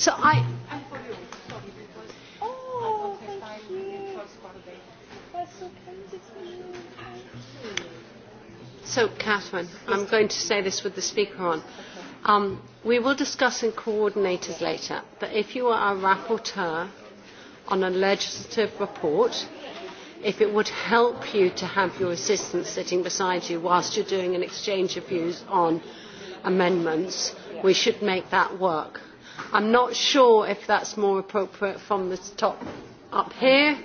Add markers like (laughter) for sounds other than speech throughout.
So I. Oh, thank you. So, Catherine, I'm going to say this with the speaker on. Um, we will discuss in coordinators later, but if you are a rapporteur on a legislative report, if it would help you to have your assistant sitting beside you whilst you're doing an exchange of views on amendments, we should make that work i am not sure if that is more appropriate from the top up here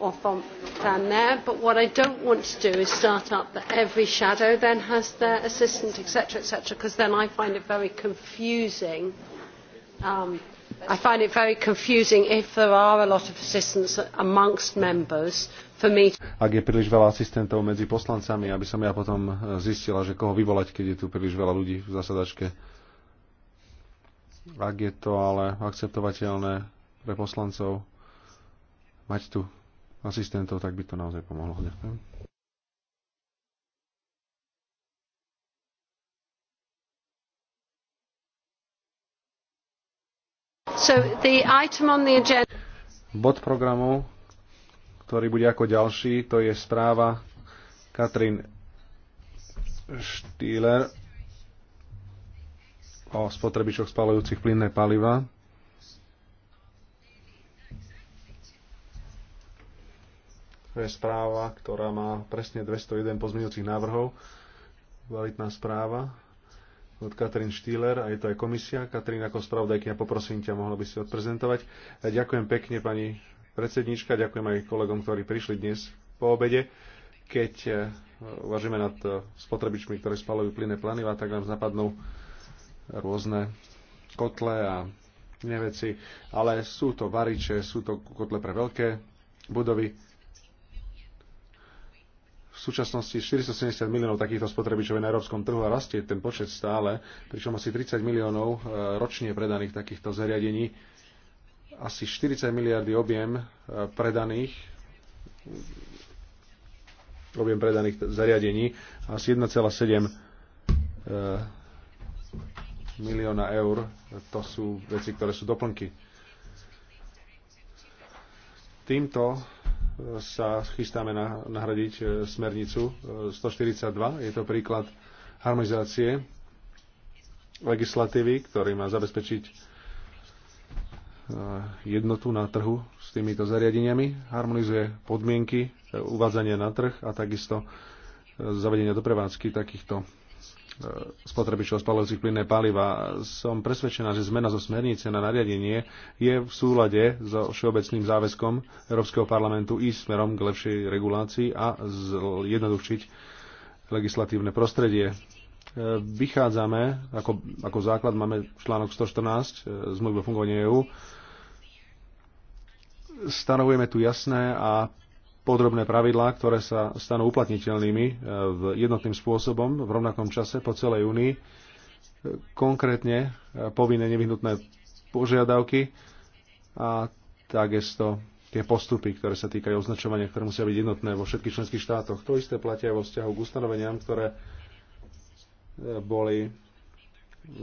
or from down there but what i do not want to do is start up that every shadow then has their assistant etc etc because then i find it very confusing um, I find it very confusing if there are a lot of assistants amongst members for me. Ak je príliš veľa asistentov medzi poslancami, aby som ja potom eh, zistila, že koho vyvolať, keď je tu príliš veľa ľudí v zasadačke ak je to ale akceptovateľné pre poslancov mať tu asistentov, tak by to naozaj pomohlo. Ďakujem. So the item on the agenda... Bod programu, ktorý bude ako ďalší, to je správa Katrin Štýler o spotrebičoch spalujúcich plynné paliva. To je správa, ktorá má presne 201 pozmeňujúcich návrhov. Kvalitná správa od Katrin Štýler a je to aj komisia. Katrin, ako spravodajkyňa, ja poprosím ťa, mohla by si odprezentovať. A ďakujem pekne, pani predsednička, ďakujem aj kolegom, ktorí prišli dnes po obede. Keď eh, uvažíme nad eh, spotrebičmi, ktoré spalujú plynné planiva, tak nám napadnú rôzne kotle a iné veci, ale sú to variče, sú to kotle pre veľké budovy. V súčasnosti 470 miliónov takýchto spotrebičov je na európskom trhu a rastie ten počet stále, pričom asi 30 miliónov e, ročne predaných takýchto zariadení, asi 40 miliardy objem e, predaných objem predaných zariadení, asi 1,7 milióna eur, to sú veci, ktoré sú doplnky. Týmto e, sa chystáme nahradiť e, smernicu 142. E, Je to príklad harmonizácie legislatívy, ktorý má zabezpečiť jednotu na trhu s týmito zariadeniami, harmonizuje podmienky uvádzania na trh a takisto zavedenia do prevádzky takýchto E, spotrebičov spalujúcich plynné paliva. Som presvedčená, že zmena zo smernice na nariadenie je v súlade so všeobecným záväzkom Európskeho parlamentu ísť smerom k lepšej regulácii a zjednodušiť legislatívne prostredie. E, vychádzame, ako, ako základ máme článok 114 e, z o fungovania EÚ, stanovujeme tu jasné a podrobné pravidlá, ktoré sa stanú uplatniteľnými e, v jednotným spôsobom v rovnakom čase po celej únii, e, konkrétne e, povinné nevyhnutné požiadavky a takisto tie postupy, ktoré sa týkajú označovania, ktoré musia byť jednotné vo všetkých členských štátoch. To isté platia aj vo vzťahu k ustanoveniam, ktoré boli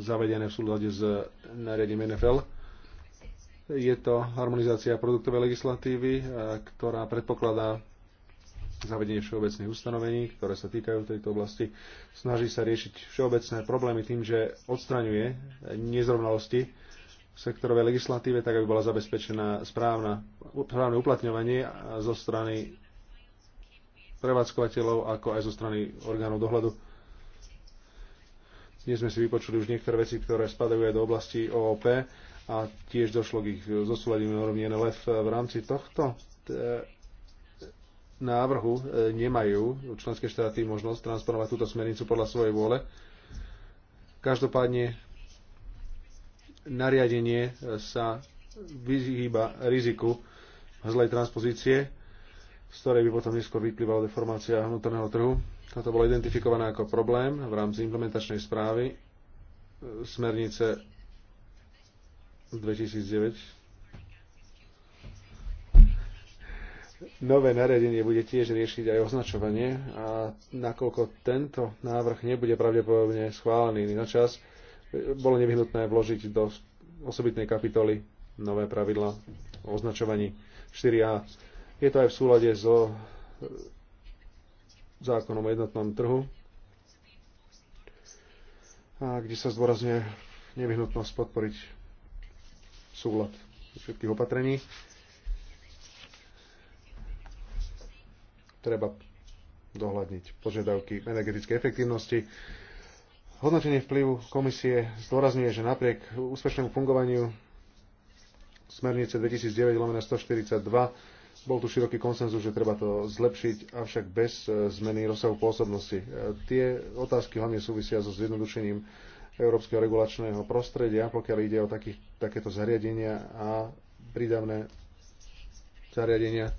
zavedené v súlade s nariadením NFL je to harmonizácia produktovej legislatívy, e, ktorá predpokladá zavedenie všeobecných ustanovení, ktoré sa týkajú tejto oblasti. Snaží sa riešiť všeobecné problémy tým, že odstraňuje nezrovnalosti v sektorovej legislatíve, tak aby bola zabezpečená správna, správne uplatňovanie zo strany prevádzkovateľov, ako aj zo strany orgánov dohľadu. Dnes sme si vypočuli už niektoré veci, ktoré spadajú aj do oblasti OOP a tiež došlo k ich zosúladeniu normy NLF v rámci tohto e, návrhu e, nemajú členské štáty možnosť transponovať túto smernicu podľa svojej vôle. Každopádne nariadenie e, sa vyhýba riziku zlej transpozície, z ktorej by potom neskôr vyplývala deformácia vnútorného trhu. Toto bolo identifikované ako problém v rámci implementačnej správy smernice z 2009. Nové nariadenie bude tiež riešiť aj označovanie a nakoľko tento návrh nebude pravdepodobne schválený na čas, bolo nevyhnutné vložiť do osobitnej kapitoly nové pravidla o označovaní 4a. Je to aj v súlade so zákonom o jednotnom trhu, a kde sa zdôrazňuje nevyhnutnosť podporiť súlad všetkých opatrení. Treba dohľadniť požiadavky energetickej efektívnosti. Hodnotenie vplyvu komisie zdôrazňuje, že napriek úspešnému fungovaniu smernice 2009-142 bol tu široký konsenzus, že treba to zlepšiť, avšak bez e, zmeny rozsahu pôsobnosti. E, tie otázky hlavne súvisia so zjednodušením európskeho regulačného prostredia, pokiaľ ide o takých, takéto zariadenia a prídavné zariadenia.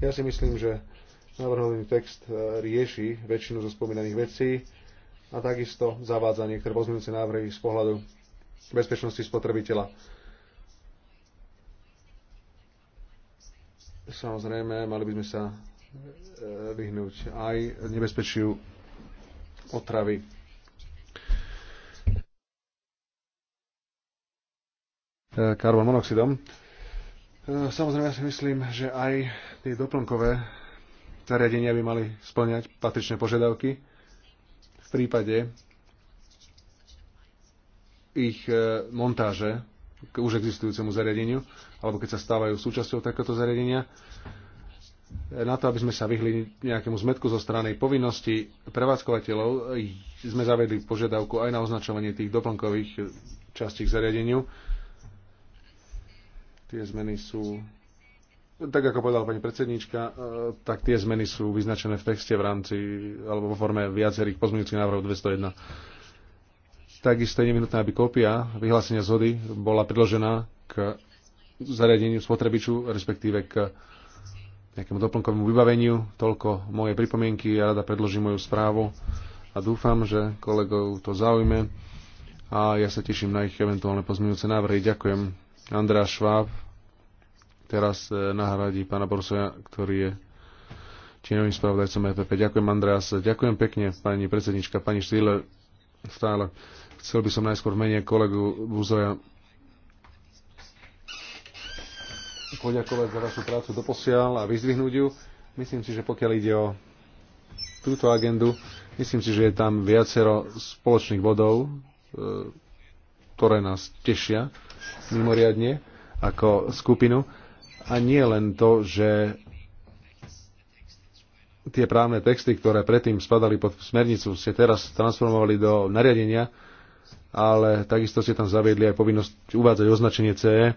Ja si myslím, že navrhovaný text e, rieši väčšinu zo spomínaných vecí a takisto zavádza niektoré pozmeňujúce návrhy z pohľadu bezpečnosti spotrebiteľa. Samozrejme, mali by sme sa e, vyhnúť aj nebezpečiu otravy E, karbon monoxidom. E, samozrejme, ja si myslím, že aj tie doplnkové zariadenia by mali splňať patričné požiadavky v prípade ich e, montáže k už existujúcemu zariadeniu, alebo keď sa stávajú súčasťou takéto zariadenia. Na to, aby sme sa vyhli nejakému zmetku zo strany povinnosti prevádzkovateľov, sme zavedli požiadavku aj na označovanie tých doplnkových častí k zariadeniu Tie zmeny sú, tak ako povedala pani predsedníčka, e, tak tie zmeny sú vyznačené v texte v rámci, alebo vo forme viacerých pozmeňujúcich návrhov 201. Takisto je nevyhnutné, aby kópia vyhlásenia zhody bola predložená k zariadeniu spotrebiču, respektíve k nejakému doplnkovému vybaveniu. Toľko moje pripomienky, ja rada predložím moju správu a dúfam, že kolegov to zaujme a ja sa teším na ich eventuálne pozmeňujúce návrhy. Ďakujem. Andrea Šváb teraz e, nahradí pána Borsoja, ktorý je čínovým spravodajcom EPP. Ďakujem, Andreas. Ďakujem pekne, pani predsednička, pani Štýle, stále. Chcel by som najskôr menej kolegu Buzoja poďakovať za vašu prácu doposiaľ a vyzdvihnúť ju. Myslím si, že pokiaľ ide o túto agendu, myslím si, že je tam viacero spoločných bodov, e, ktoré nás tešia mimoriadne ako skupinu. A nie len to, že tie právne texty, ktoré predtým spadali pod smernicu, ste teraz transformovali do nariadenia, ale takisto ste tam zaviedli aj povinnosť uvádzať označenie CE.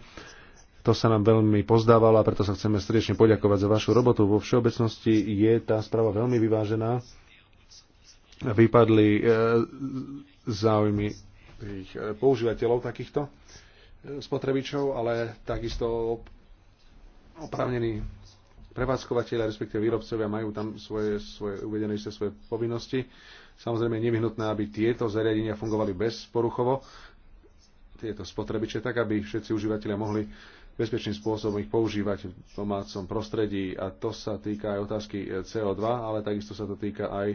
To sa nám veľmi pozdávalo a preto sa chceme srdečne poďakovať za vašu robotu. Vo všeobecnosti je tá správa veľmi vyvážená. Vypadli e, záujmy tých eh, používateľov takýchto spotrebičov, ale takisto oprávnení prevádzkovateľe, respektíve výrobcovia majú tam svoje, svoje uvedené isté svoje povinnosti. Samozrejme je nevyhnutné, aby tieto zariadenia fungovali bezporuchovo tieto spotrebiče, tak aby všetci užívateľia mohli bezpečným spôsobom ich používať v domácom prostredí a to sa týka aj otázky e, CO2, ale takisto sa to týka aj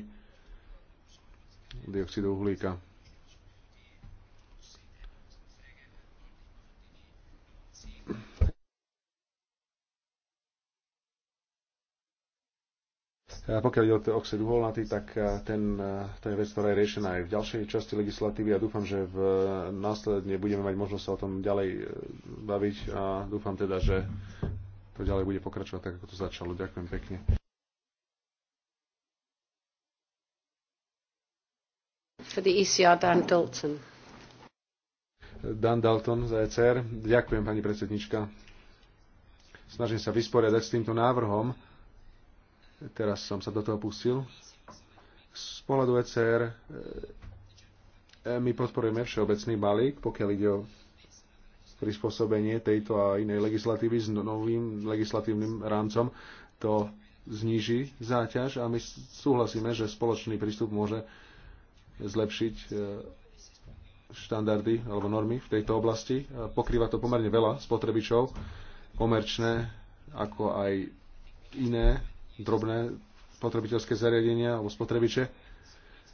dioxidu uhlíka. Pokiaľ ide o oxid uholnatý, tak ten, to je vec, ktorá je riešená aj v ďalšej časti legislatívy a dúfam, že v, následne budeme mať možnosť sa o tom ďalej e, baviť a dúfam teda, že to ďalej bude pokračovať tak, ako to začalo. Ďakujem pekne. For the ECR, Dan Dalton. Dan Dalton za ECR. Ďakujem, pani predsednička. Snažím sa vysporiadať s týmto návrhom Teraz som sa do toho pustil. Z pohľadu ECR e, my podporujeme všeobecný balík, pokiaľ ide o prispôsobenie tejto a inej legislatívy s novým legislatívnym rámcom. To zníži záťaž a my súhlasíme, že spoločný prístup môže zlepšiť e, štandardy alebo normy v tejto oblasti. E, pokrýva to pomerne veľa spotrebičov, komerčné ako aj iné drobné spotrebiteľské zariadenia alebo spotrebiče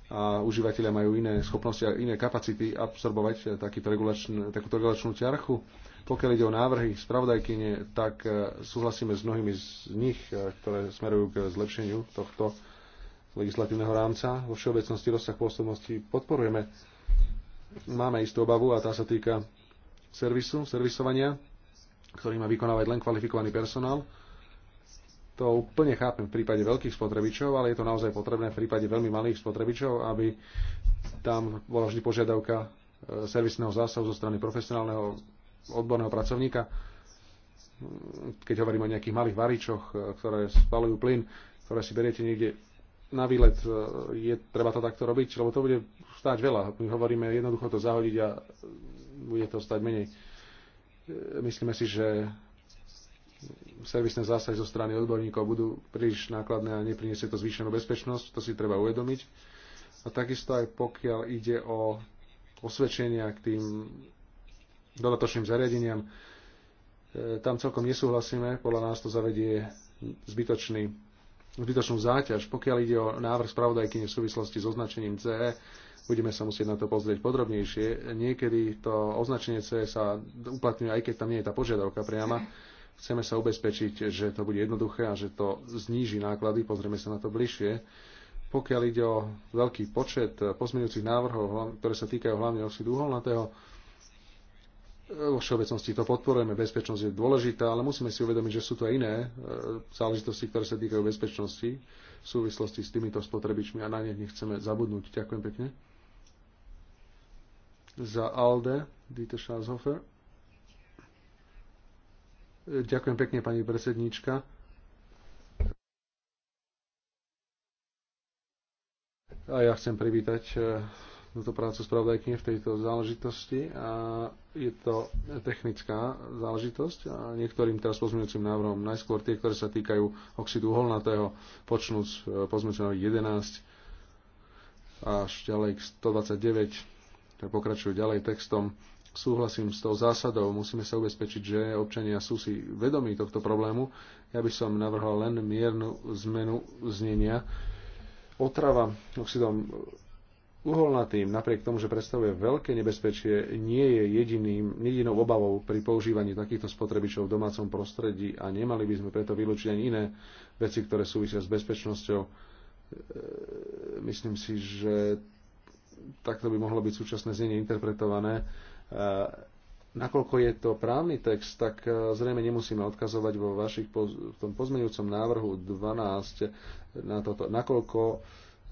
a užívateľia majú iné schopnosti a iné kapacity absorbovať takýto regulačn, takúto regulačnú ťarchu. Pokiaľ ide o návrhy spravodajkyne, tak e, súhlasíme s mnohými z nich, e, ktoré smerujú k zlepšeniu tohto legislatívneho rámca. Vo všeobecnosti rozsah pôsobnosti podporujeme. Máme istú obavu a tá sa týka servisu, servisovania, ktorý má vykonávať len kvalifikovaný personál to úplne chápem v prípade veľkých spotrebičov, ale je to naozaj potrebné v prípade veľmi malých spotrebičov, aby tam bola vždy požiadavka e, servisného zásahu zo strany profesionálneho odborného pracovníka. Keď hovorím o nejakých malých varičoch, e, ktoré spalujú plyn, ktoré si beriete niekde na výlet e, je treba to takto robiť, lebo to bude stáť veľa. My hovoríme jednoducho to zahodiť a bude to stať menej. Myslíme si, že servisné zásahy zo strany odborníkov budú príliš nákladné a nepriniesie to zvýšenú bezpečnosť, to si treba uvedomiť. A takisto aj pokiaľ ide o osvedčenia k tým dodatočným zariadeniam, e, tam celkom nesúhlasíme, podľa nás to zavedie zbytočný, zbytočnú záťaž. Pokiaľ ide o návrh spravodajky v súvislosti s označením CE, budeme sa musieť na to pozrieť podrobnejšie. Niekedy to označenie CE sa uplatňuje, aj keď tam nie je tá požiadavka priama Chceme sa ubezpečiť, že to bude jednoduché a že to zníži náklady. Pozrieme sa na to bližšie. Pokiaľ ide o veľký počet pozmeňujúcich návrhov, ktoré sa týkajú hlavne oxidu uholnatého, vo všeobecnosti to podporujeme, bezpečnosť je dôležitá, ale musíme si uvedomiť, že sú to aj iné e, záležitosti, ktoré sa týkajú bezpečnosti v súvislosti s týmito spotrebičmi a na ne nechceme zabudnúť. Ďakujem pekne. Za ALDE, Dieter Schaushofer. Ďakujem pekne, pani predsedníčka. A ja chcem privítať eh, túto prácu spravodajkyne v tejto záležitosti. A je to technická záležitosť a niektorým teraz pozmeňujúcim návrhom, najskôr tie, ktoré sa týkajú oxidu uholnatého, počnúc eh, pozmeňujúcim 11 až ďalej k 129, tak pokračujú ďalej textom súhlasím s tou zásadou, musíme sa ubezpečiť, že občania sú si vedomí tohto problému. Ja by som navrhol len miernu zmenu znenia. Otrava oxidom uholnatým, napriek tomu, že predstavuje veľké nebezpečie, nie je jediným, jedinou obavou pri používaní takýchto spotrebičov v domácom prostredí a nemali by sme preto vylúčiť ani iné veci, ktoré súvisia s bezpečnosťou. E, myslím si, že takto by mohlo byť súčasné znenie interpretované Eh, nakoľko je to právny text, tak eh, zrejme nemusíme odkazovať vo vašich, v tom pozmeňujúcom návrhu 12 na toto. Nakoľko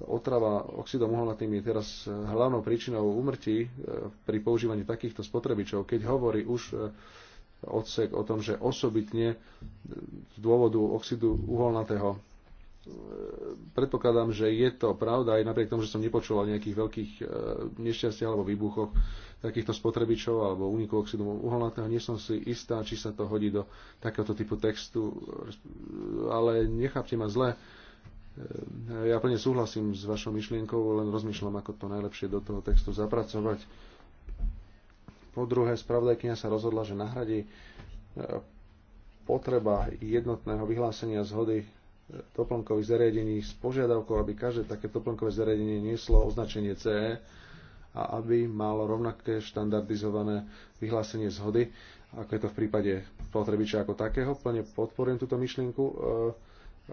otrava oxidom uholnatým je teraz eh, hlavnou príčinou úmrtí pri používaní takýchto spotrebičov, keď hovorí už odsek o tom, že osobitne z dôvodu oxidu uholnatého predpokladám, že je to pravda, aj napriek tomu, že som nepočul o nejakých veľkých e, nešťastiach alebo výbuchoch takýchto spotrebičov alebo úniku oxidu uholnatého. Nie som si istá, či sa to hodí do takéhoto typu textu, ale nechápte ma zle. E, ja plne súhlasím s vašou myšlienkou, len rozmýšľam, ako to najlepšie do toho textu zapracovať. Po druhé, spravodajkynia sa rozhodla, že nahradí e, potreba jednotného vyhlásenia zhody doplnkových zariadení s požiadavkou, aby každé také doplnkové zariadenie nieslo označenie CE a aby malo rovnaké štandardizované vyhlásenie zhody, ako je to v prípade potrebiča ako takého. Plne podporujem túto myšlienku eh,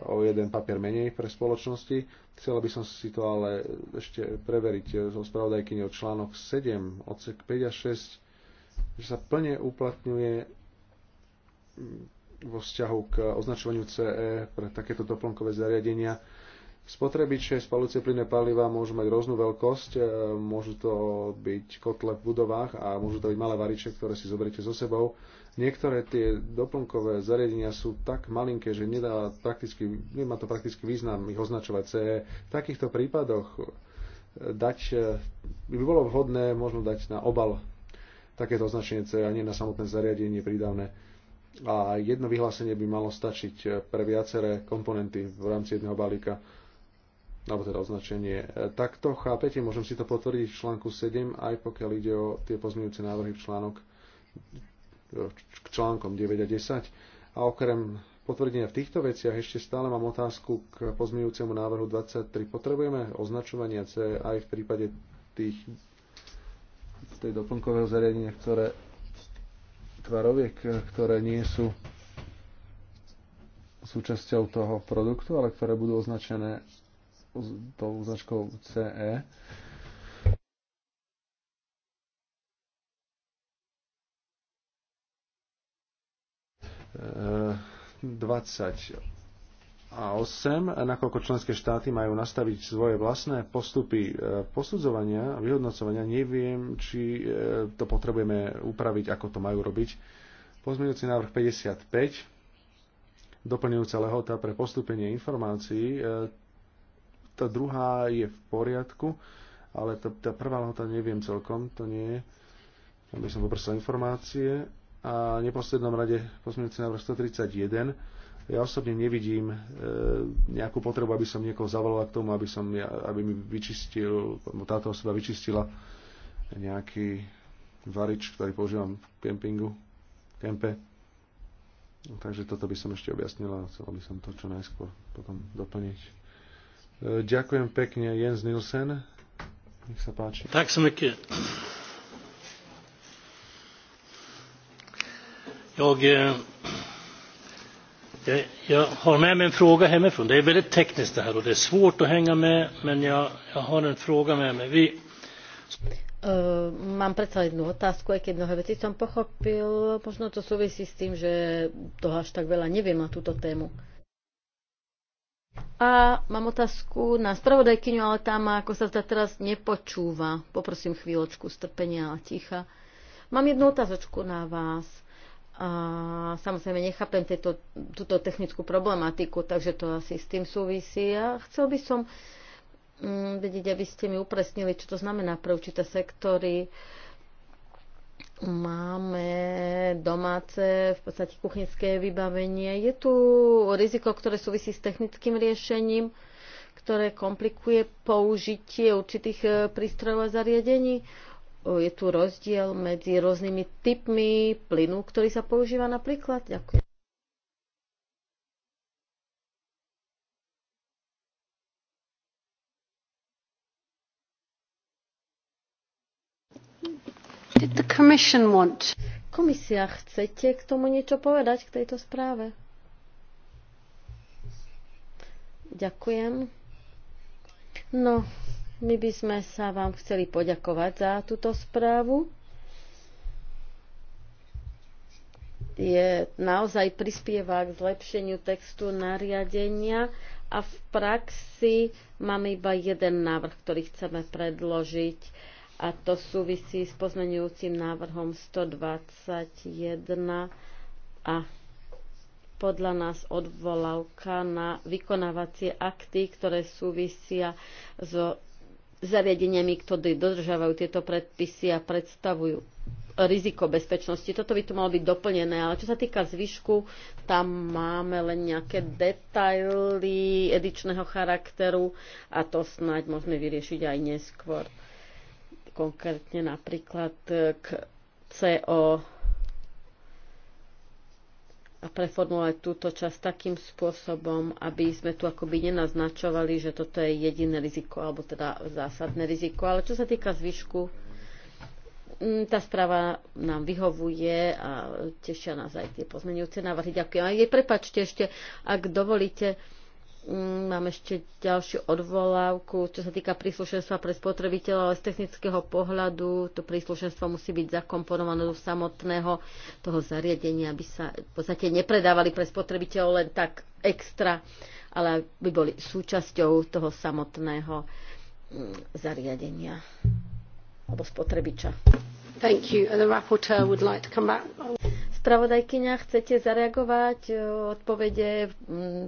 o jeden papier menej pre spoločnosti. Chcela by som si to ale ešte preveriť zo eh, spravodajkyne od článok 7, odsek 5 a 6, že sa plne uplatňuje hm, vo vzťahu k označovaniu CE pre takéto doplnkové zariadenia. Spotrebiče spalujúce plynné paliva môžu mať rôznu veľkosť, e, môžu to byť kotle v budovách a môžu to byť malé variče, ktoré si zoberiete so sebou. Niektoré tie doplnkové zariadenia sú tak malinké, že nedá prakticky, nemá to prakticky význam ich označovať CE. V takýchto prípadoch e, dať, e, by bolo vhodné možno dať na obal takéto označenie CE a nie na samotné zariadenie prídavné a jedno vyhlásenie by malo stačiť pre viaceré komponenty v rámci jedného balíka alebo teda označenie. Takto chápete, môžem si to potvrdiť v článku 7, aj pokiaľ ide o tie pozmeňujúce návrhy v článok, k článkom 9 a 10. A okrem potvrdenia v týchto veciach ešte stále mám otázku k pozmeňujúcemu návrhu 23. Potrebujeme označovanie C aj v prípade tých tej doplnkového zariadenia, ktoré tvaroviek, eh, ktoré nie sú súčasťou toho produktu, ale ktoré budú označené tou značkou CE. E, 20 eh, a 8, nakoľko členské štáty majú nastaviť svoje vlastné postupy e, posudzovania a vyhodnocovania, neviem, či e, to potrebujeme upraviť, ako to majú robiť. Pozmeňujúci návrh 55, doplňujúca lehota pre postupenie informácií, e, tá druhá je v poriadku, ale tá, tá prvá lehota neviem celkom, to nie je. Tam by som poprosil informácie. A v neposlednom rade pozmeňujúci návrh 131, ja osobne nevidím e, nejakú potrebu, aby som niekoho zavolal k tomu, aby, som, aby mi vyčistil, táto osoba vyčistila nejaký varič, ktorý používam v kempingu, kempe. No, takže toto by som ešte objasnila a chcel by som to čo najskôr potom doplniť. E, ďakujem pekne Jens Nielsen. Nech sa páči. Tak som mycket. Jag Jag har med mig en fråga hemifrån. Det är väldigt tekniskt det här och det är svårt att hänga med, men jag, jag har en fråga med mig. Uh, mám predsa jednu otázku, aj keď mnohé veci som pochopil. Možno to súvisí s tým, že toho až tak veľa neviem na túto tému. A mám otázku na spravodajkyňu, ale tam, ako sa zdá, teraz nepočúva. Poprosím chvíľočku strpenia a ticha. Mám jednu otázočku na vás a samozrejme nechápem tieto, túto technickú problematiku, takže to asi s tým súvisí. A chcel by som mm, vedieť, aby ste mi upresnili, čo to znamená pre určité sektory. Máme domáce, v podstate kuchynské vybavenie. Je tu riziko, ktoré súvisí s technickým riešením, ktoré komplikuje použitie určitých e, prístrojov a zariadení je tu rozdiel medzi rôznymi typmi plynu, ktorý sa používa napríklad? Ďakujem. Did the commission want? Komisia, chcete k tomu niečo povedať, k tejto správe? Ďakujem. No, my by sme sa vám chceli poďakovať za túto správu. Je naozaj prispieva k zlepšeniu textu nariadenia a v praxi máme iba jeden návrh, ktorý chceme predložiť a to súvisí s pozmenujúcim návrhom 121 a podľa nás odvolávka na vykonávacie akty, ktoré súvisia so zariadeniami, ktoré dodržiavajú tieto predpisy a predstavujú riziko bezpečnosti. Toto by tu malo byť doplnené, ale čo sa týka zvyšku, tam máme len nejaké detaily edičného charakteru a to snáď môžeme vyriešiť aj neskôr. Konkrétne napríklad k CO preformulovať túto časť takým spôsobom, aby sme tu akoby nenaznačovali, že toto je jediné riziko, alebo teda zásadné riziko. Ale čo sa týka zvyšku, mm, tá správa nám vyhovuje a tešia nás aj tie pozmenujúce návrhy. Ďakujem. A jej prepačte ešte, ak dovolíte, Mm, mám ešte ďalšiu odvolávku, čo sa týka príslušenstva pre spotrebiteľa, ale z technického pohľadu to príslušenstvo musí byť zakomponované do samotného toho zariadenia, aby sa v podstate nepredávali pre spotrebiteľov len tak extra, ale aby boli súčasťou toho samotného mm, zariadenia alebo spotrebiča. Thank you. And the rapporteur would like to come back. Spravodajkyňa, chcete zareagovať, e, odpovede,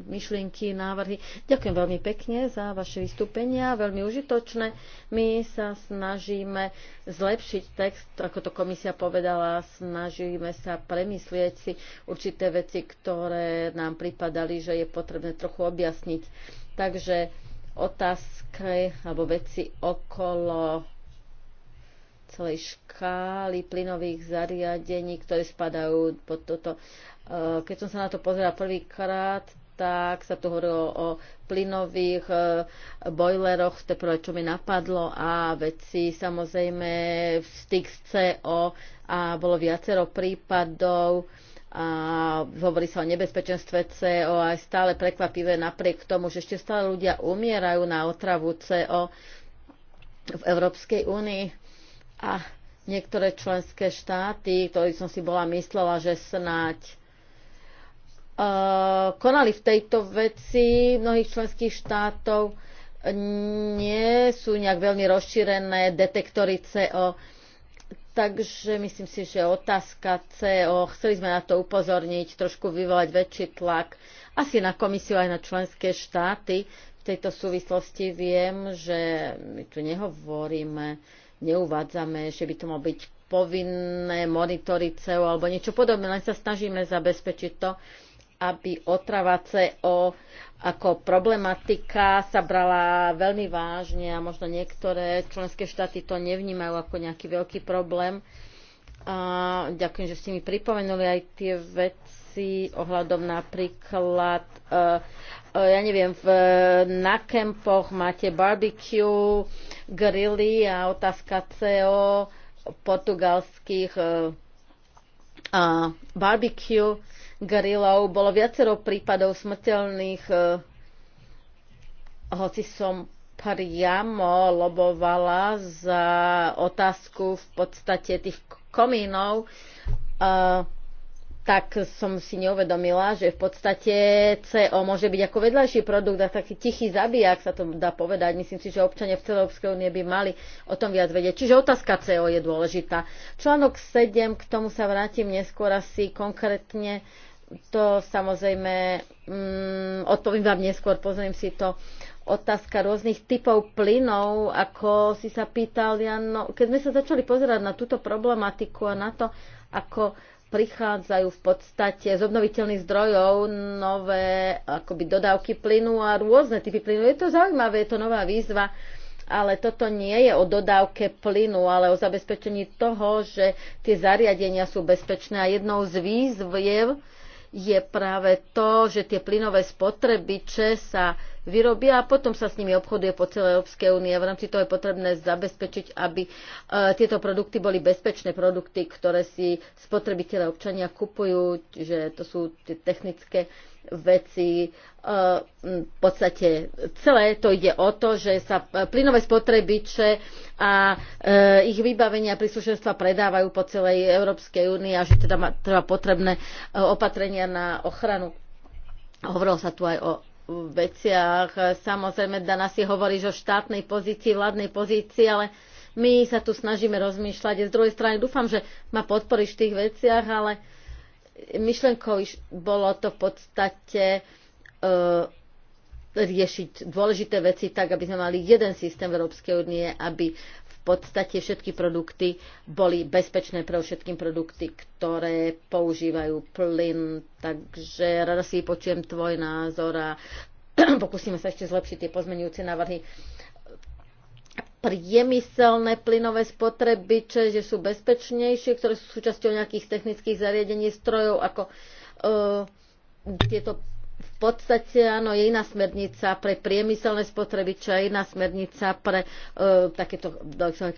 myšlienky, návrhy? Ďakujem veľmi pekne za vaše vystúpenia, veľmi užitočné. My sa snažíme zlepšiť text, ako to komisia povedala, snažíme sa premyslieť si určité veci, ktoré nám pripadali, že je potrebné trochu objasniť. Takže otázky alebo veci okolo celej škály plynových zariadení, ktoré spadajú pod toto. E, keď som sa na to pozrela prvýkrát, tak sa tu hovorilo o plynových e, bojleroch, to prvé, čo mi napadlo, a veci samozrejme v styk s CO a bolo viacero prípadov a hovorí sa o nebezpečenstve CO a je stále prekvapivé napriek tomu, že ešte stále ľudia umierajú na otravu CO v Európskej únii a niektoré členské štáty, ktorých som si bola myslela, že snáď eh, konali v tejto veci mnohých členských štátov, nie sú nejak veľmi rozšírené detektory CO. Takže myslím si, že otázka CO, chceli sme na to upozorniť, trošku vyvolať väčší tlak asi na komisiu aj na členské štáty. V tejto súvislosti viem, že my tu nehovoríme neuvádzame, že by to mohlo byť povinné monitory CO alebo niečo podobné, len sa snažíme zabezpečiť to, aby otrava CO ako problematika sa brala veľmi vážne a možno niektoré členské štáty to nevnímajú ako nejaký veľký problém. A ďakujem, že ste mi pripomenuli aj tie veci, veci ohľadom napríklad, eh, eh, ja neviem, v, eh, na kempoch máte barbecue, grilly a otázka CO portugalských barbecue grillov. Bolo viacero prípadov smrteľných, hoci som priamo lobovala za otázku v podstate tých komínov. Uh, tak som si neuvedomila, že v podstate CO môže byť ako vedľajší produkt a taký tichý zabijak sa to dá povedať. Myslím si, že občania v celej Európskej únie by mali o tom viac vedieť. Čiže otázka CO je dôležitá. Článok 7, k tomu sa vrátim neskôr asi konkrétne. To samozrejme mm, odpovím vám neskôr, pozriem si to otázka rôznych typov plynov, ako si sa pýtal, ja, no, keď sme sa začali pozerať na túto problematiku a na to, ako prichádzajú v podstate z obnoviteľných zdrojov nové akoby dodávky plynu a rôzne typy plynu. Je to zaujímavé, je to nová výzva, ale toto nie je o dodávke plynu, ale o zabezpečení toho, že tie zariadenia sú bezpečné. A jednou z výzviev je práve to, že tie plynové spotrebiče sa vyrobia a potom sa s nimi obchoduje po celej Európskej únii. A v rámci toho je potrebné zabezpečiť, aby e, tieto produkty boli bezpečné produkty, ktoré si spotrebitelia občania kupujú, že to sú tie technické veci. E, v podstate celé to ide o to, že sa e, plynové spotrebiče a ich vybavenia príslušenstva predávajú po celej Európskej únii a že teda má, treba potrebné opatrenia na ochranu. Hovorilo sa tu aj o veciach. Samozrejme, Dana si hovorí o štátnej pozícii, vládnej pozícii, ale my sa tu snažíme rozmýšľať. Z druhej strany dúfam, že ma podporíš v tých veciach, ale myšlenkou bolo to v podstate e, riešiť dôležité veci tak, aby sme mali jeden systém Európskej únie, aby podstate všetky produkty boli bezpečné pre všetky produkty, ktoré používajú plyn. Takže rada si počujem tvoj názor a (clears throat) pokúsime sa ešte zlepšiť tie pozmenujúce návrhy priemyselné plynové spotrebiče, že sú bezpečnejšie, ktoré sú súčasťou nejakých technických zariadení, strojov, ako uh, tieto v podstate áno, je iná smernica pre priemyselné spotrebiče, je iná smernica pre e, takéto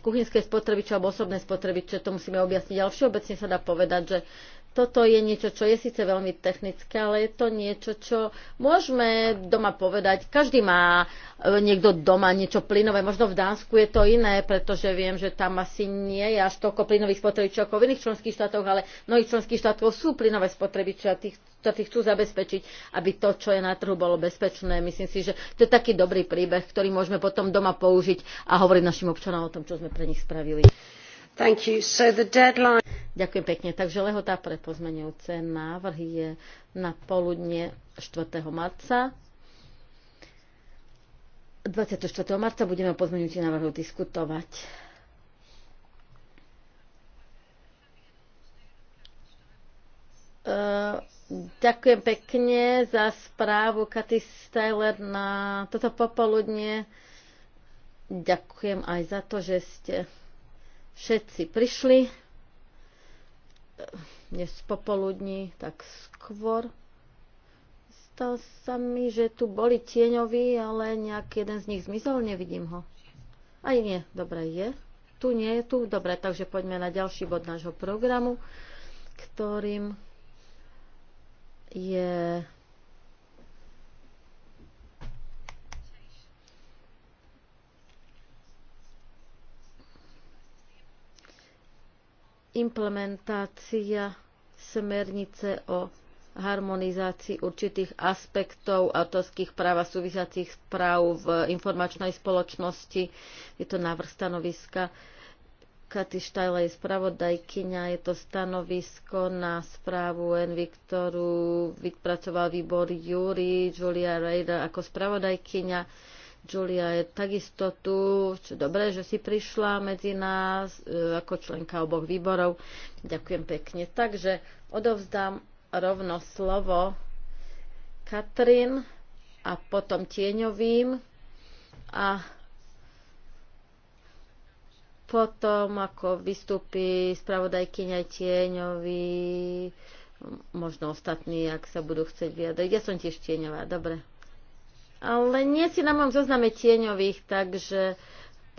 kuchynské spotrebiče alebo osobné spotrebiče, to musíme objasniť, ale všeobecne sa dá povedať, že toto je niečo, čo je síce veľmi technické, ale je to niečo, čo môžeme doma povedať. Každý má e, niekto doma niečo plynové. Možno v Dánsku je to iné, pretože viem, že tam asi nie je až toľko plynových spotrebičov ako v iných členských štátoch, ale v mnohých členských štátoch sú plynové spotrebiče a tých sa chcú zabezpečiť, aby to, čo je na trhu, bolo bezpečné. Myslím si, že to je taký dobrý príbeh, ktorý môžeme potom doma použiť a hovoriť našim občanom o tom, čo sme pre nich spravili. So deadline... Ďakujem pekne. Takže lehota pre pozmenujúce návrhy je na poludne 4. marca. 24. marca budeme o návrhu diskutovať. Uh, Ďakujem pekne za správu Katy Styler na toto popoludne Ďakujem aj za to, že ste všetci prišli. Dnes popoludní, tak skôr. Stal sa mi, že tu boli tieňoví, ale nejak jeden z nich zmizol, nevidím ho. Aj nie, dobre, je. Tu nie je tu, dobre, takže poďme na ďalší bod nášho programu, ktorým je implementácia smernice o harmonizácii určitých aspektov autorských práv a súvisiacich práv v informačnej spoločnosti. Je to návrh stanoviska Katy Štajla je spravodajkyňa, je to stanovisko na správu Envy, ktorú vypracoval výbor Júri, Julia Rejda ako spravodajkyňa. Julia je takisto tu, čo dobré, že si prišla medzi nás e, ako členka oboch výborov. Ďakujem pekne. Takže odovzdám rovno slovo Katrin a potom Tieňovým a potom, ako vystúpi spravodajkyňa tieňovi, možno ostatní, ak sa budú chcieť vyjadriť. Ja som tiež tieňová, dobre. Ale nie si na mojom zozname tieňových, takže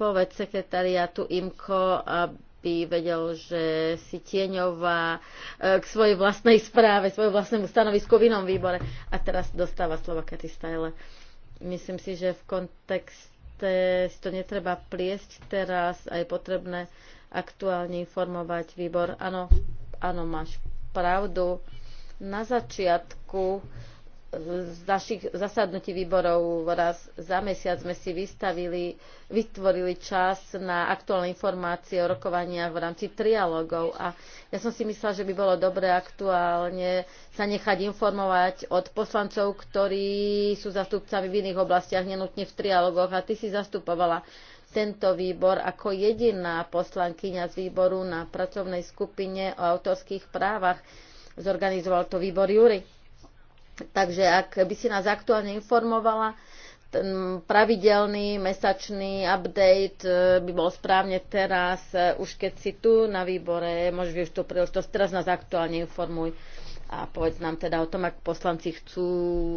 povedz sekretariatu IMKO, aby vedel, že si tieňová e, k svojej vlastnej správe, svojom vlastnému stanovisku v inom výbore. A teraz dostáva slova Katy Stajle. Myslím si, že v kontexte dôležité, si to netreba pliesť teraz a je potrebné aktuálne informovať výbor. Áno, áno, máš pravdu. Na začiatku z našich zasadnutí výborov raz za mesiac sme si vystavili, vytvorili čas na aktuálne informácie o rokovaniach v rámci trialogov a ja som si myslela, že by bolo dobre aktuálne sa nechať informovať od poslancov, ktorí sú zastupcami v iných oblastiach, nenutne v trialogoch a ty si zastupovala tento výbor ako jediná poslankyňa z výboru na pracovnej skupine o autorských právach. Zorganizoval to výbor Júri Takže ak by si nás aktuálne informovala, ten pravidelný mesačný update e, by bol správne teraz, e, už keď si tu na výbore, môžeš už tú príležitosť, teraz nás aktuálne informuj a povedz nám teda o tom, ak poslanci chcú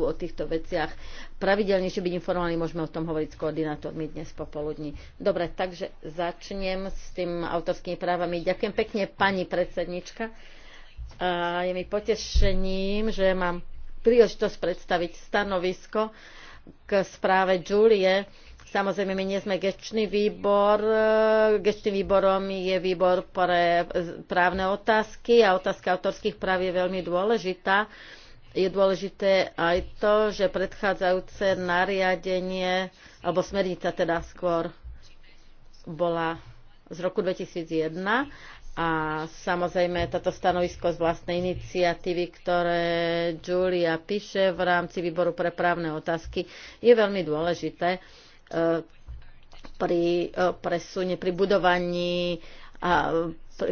o týchto veciach pravidelnejšie byť informovaní, môžeme o tom hovoriť s koordinátormi dnes popoludní. Dobre, takže začnem s tým autorskými právami. Ďakujem pekne, pani predsednička. A je mi potešením, že mám príležitosť predstaviť stanovisko k správe Julie. Samozrejme, my nie sme gečný výbor. Gečným výborom je výbor pre právne otázky a otázka autorských práv je veľmi dôležitá. Je dôležité aj to, že predchádzajúce nariadenie, alebo smernica teda skôr, bola z roku 2001 a samozrejme toto stanovisko z vlastnej iniciatívy, ktoré Julia píše v rámci výboru pre právne otázky, je veľmi dôležité e, pri e, presune, pri budovaní a e,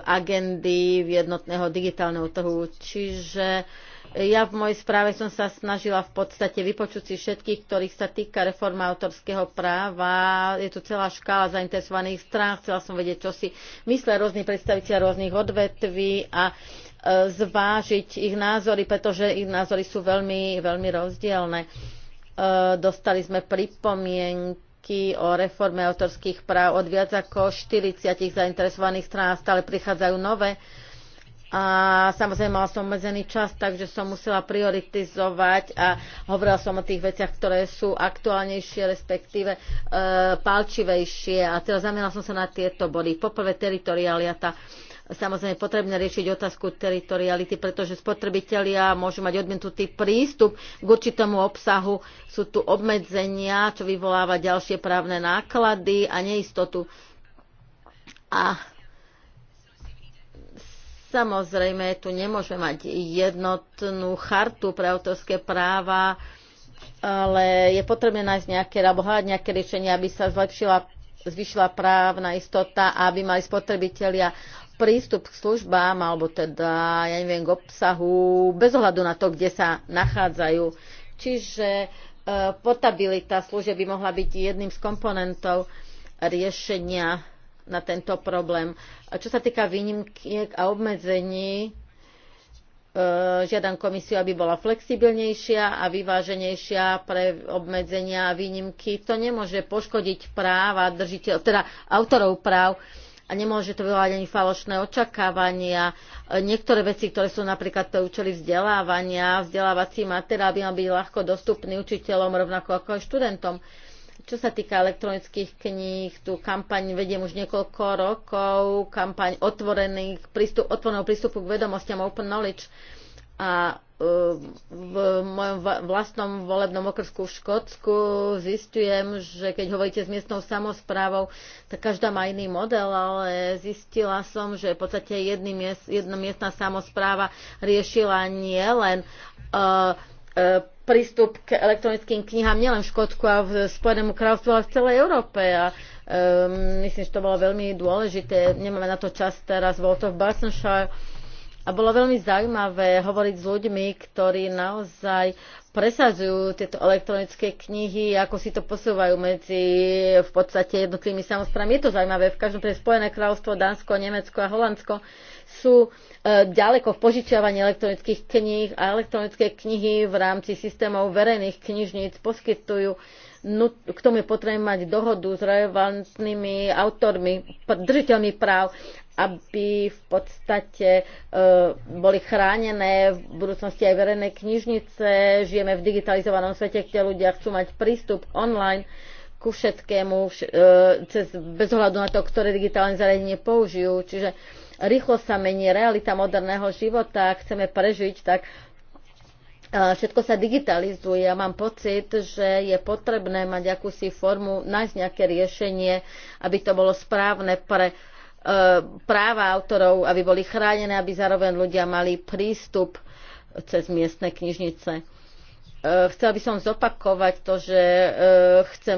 agendy v jednotného digitálneho trhu. Čiže ja v mojej správe som sa snažila v podstate vypočuť si všetkých, ktorých sa týka reforma autorského práva. Je tu celá škála zainteresovaných strán. Chcela som vedieť, čo si myslia rôzni predstaviteľ rôznych odvetví a e, zvážiť ich názory, pretože ich názory sú veľmi, veľmi rozdielne. E, dostali sme pripomienky o reforme autorských práv od viac ako 40 zainteresovaných strán stále prichádzajú nové a samozrejme mala som obmedzený čas, takže som musela prioritizovať a hovorila som o tých veciach, ktoré sú aktuálnejšie, respektíve e, palčivejšie a teraz zamiela som sa na tieto body. Poprvé teritorialita. Samozrejme, potrebné riešiť otázku teritoriality, pretože spotrebitelia môžu mať odmietnutý prístup k určitému obsahu. Sú tu obmedzenia, čo vyvoláva ďalšie právne náklady a neistotu. A Samozrejme, tu nemôžeme mať jednotnú chartu pre autorské práva, ale je potrebné nájsť nejaké, alebo hľadať nejaké riešenie, aby sa zlepšila, zvyšila právna istota a aby mali spotrebitelia prístup k službám, alebo teda, ja neviem, k obsahu, bez ohľadu na to, kde sa nachádzajú. Čiže e, potabilita služieb by mohla byť jedným z komponentov riešenia na tento problém. A čo sa týka výnimiek a obmedzení, e, žiadam komisiu, aby bola flexibilnejšia a vyváženejšia pre obmedzenia a výnimky. To nemôže poškodiť práva držiteľ, teda autorov práv a nemôže to vyvolať ani falošné očakávania. E, niektoré veci, ktoré sú napríklad pre účely vzdelávania, vzdelávací materiál by mal byť ľahko dostupný učiteľom rovnako ako aj študentom. Uh, čo sa týka elektronických kníh, tú kampaň vediem už niekoľko rokov, kampaň otvorených, prístup, otvoreného prístupu k vedomostiam Open Knowledge a e, v mojom vlastnom volebnom okrsku v Škótsku zistujem, že keď hovoríte s miestnou samozprávou, tak každá má iný model, ale zistila som, že v podstate jedna miestna samozpráva riešila nielen uh, E, prístup k elektronickým knihám nielen v Škótsku a v Spojenému kráľovstvu, ale v celej Európe. A um, myslím, že to bolo veľmi dôležité. Nemáme na to čas teraz, bolo to v Barsonshire. A bolo veľmi zaujímavé hovoriť s ľuďmi, ktorí naozaj presadzujú tieto elektronické knihy, ako si to posúvajú medzi v podstate jednotlivými samozprávami. Je to zaujímavé. V každom prípade Spojené kráľovstvo, Dánsko, Nemecko a Holandsko sú e, ďaleko v požičiavaní elektronických kníh a elektronické knihy v rámci systémov verejných knižníc poskytujú k tomu je potrebné mať dohodu s relevantnými autormi, držiteľmi práv, aby v podstate e, boli chránené v budúcnosti aj verejné knižnice. Žijeme v digitalizovanom svete, kde ľudia chcú mať prístup online ku všetkému, vš- e, cez, bez ohľadu na to, ktoré digitálne zariadenie použijú. Čiže rýchlo sa mení realita moderného života, chceme prežiť, tak všetko sa digitalizuje. Ja mám pocit, že je potrebné mať akúsi formu, nájsť nejaké riešenie, aby to bolo správne pre e, práva autorov, aby boli chránené, aby zároveň ľudia mali prístup cez miestne knižnice Eh, chcela by som zopakovať to, že eh, chcem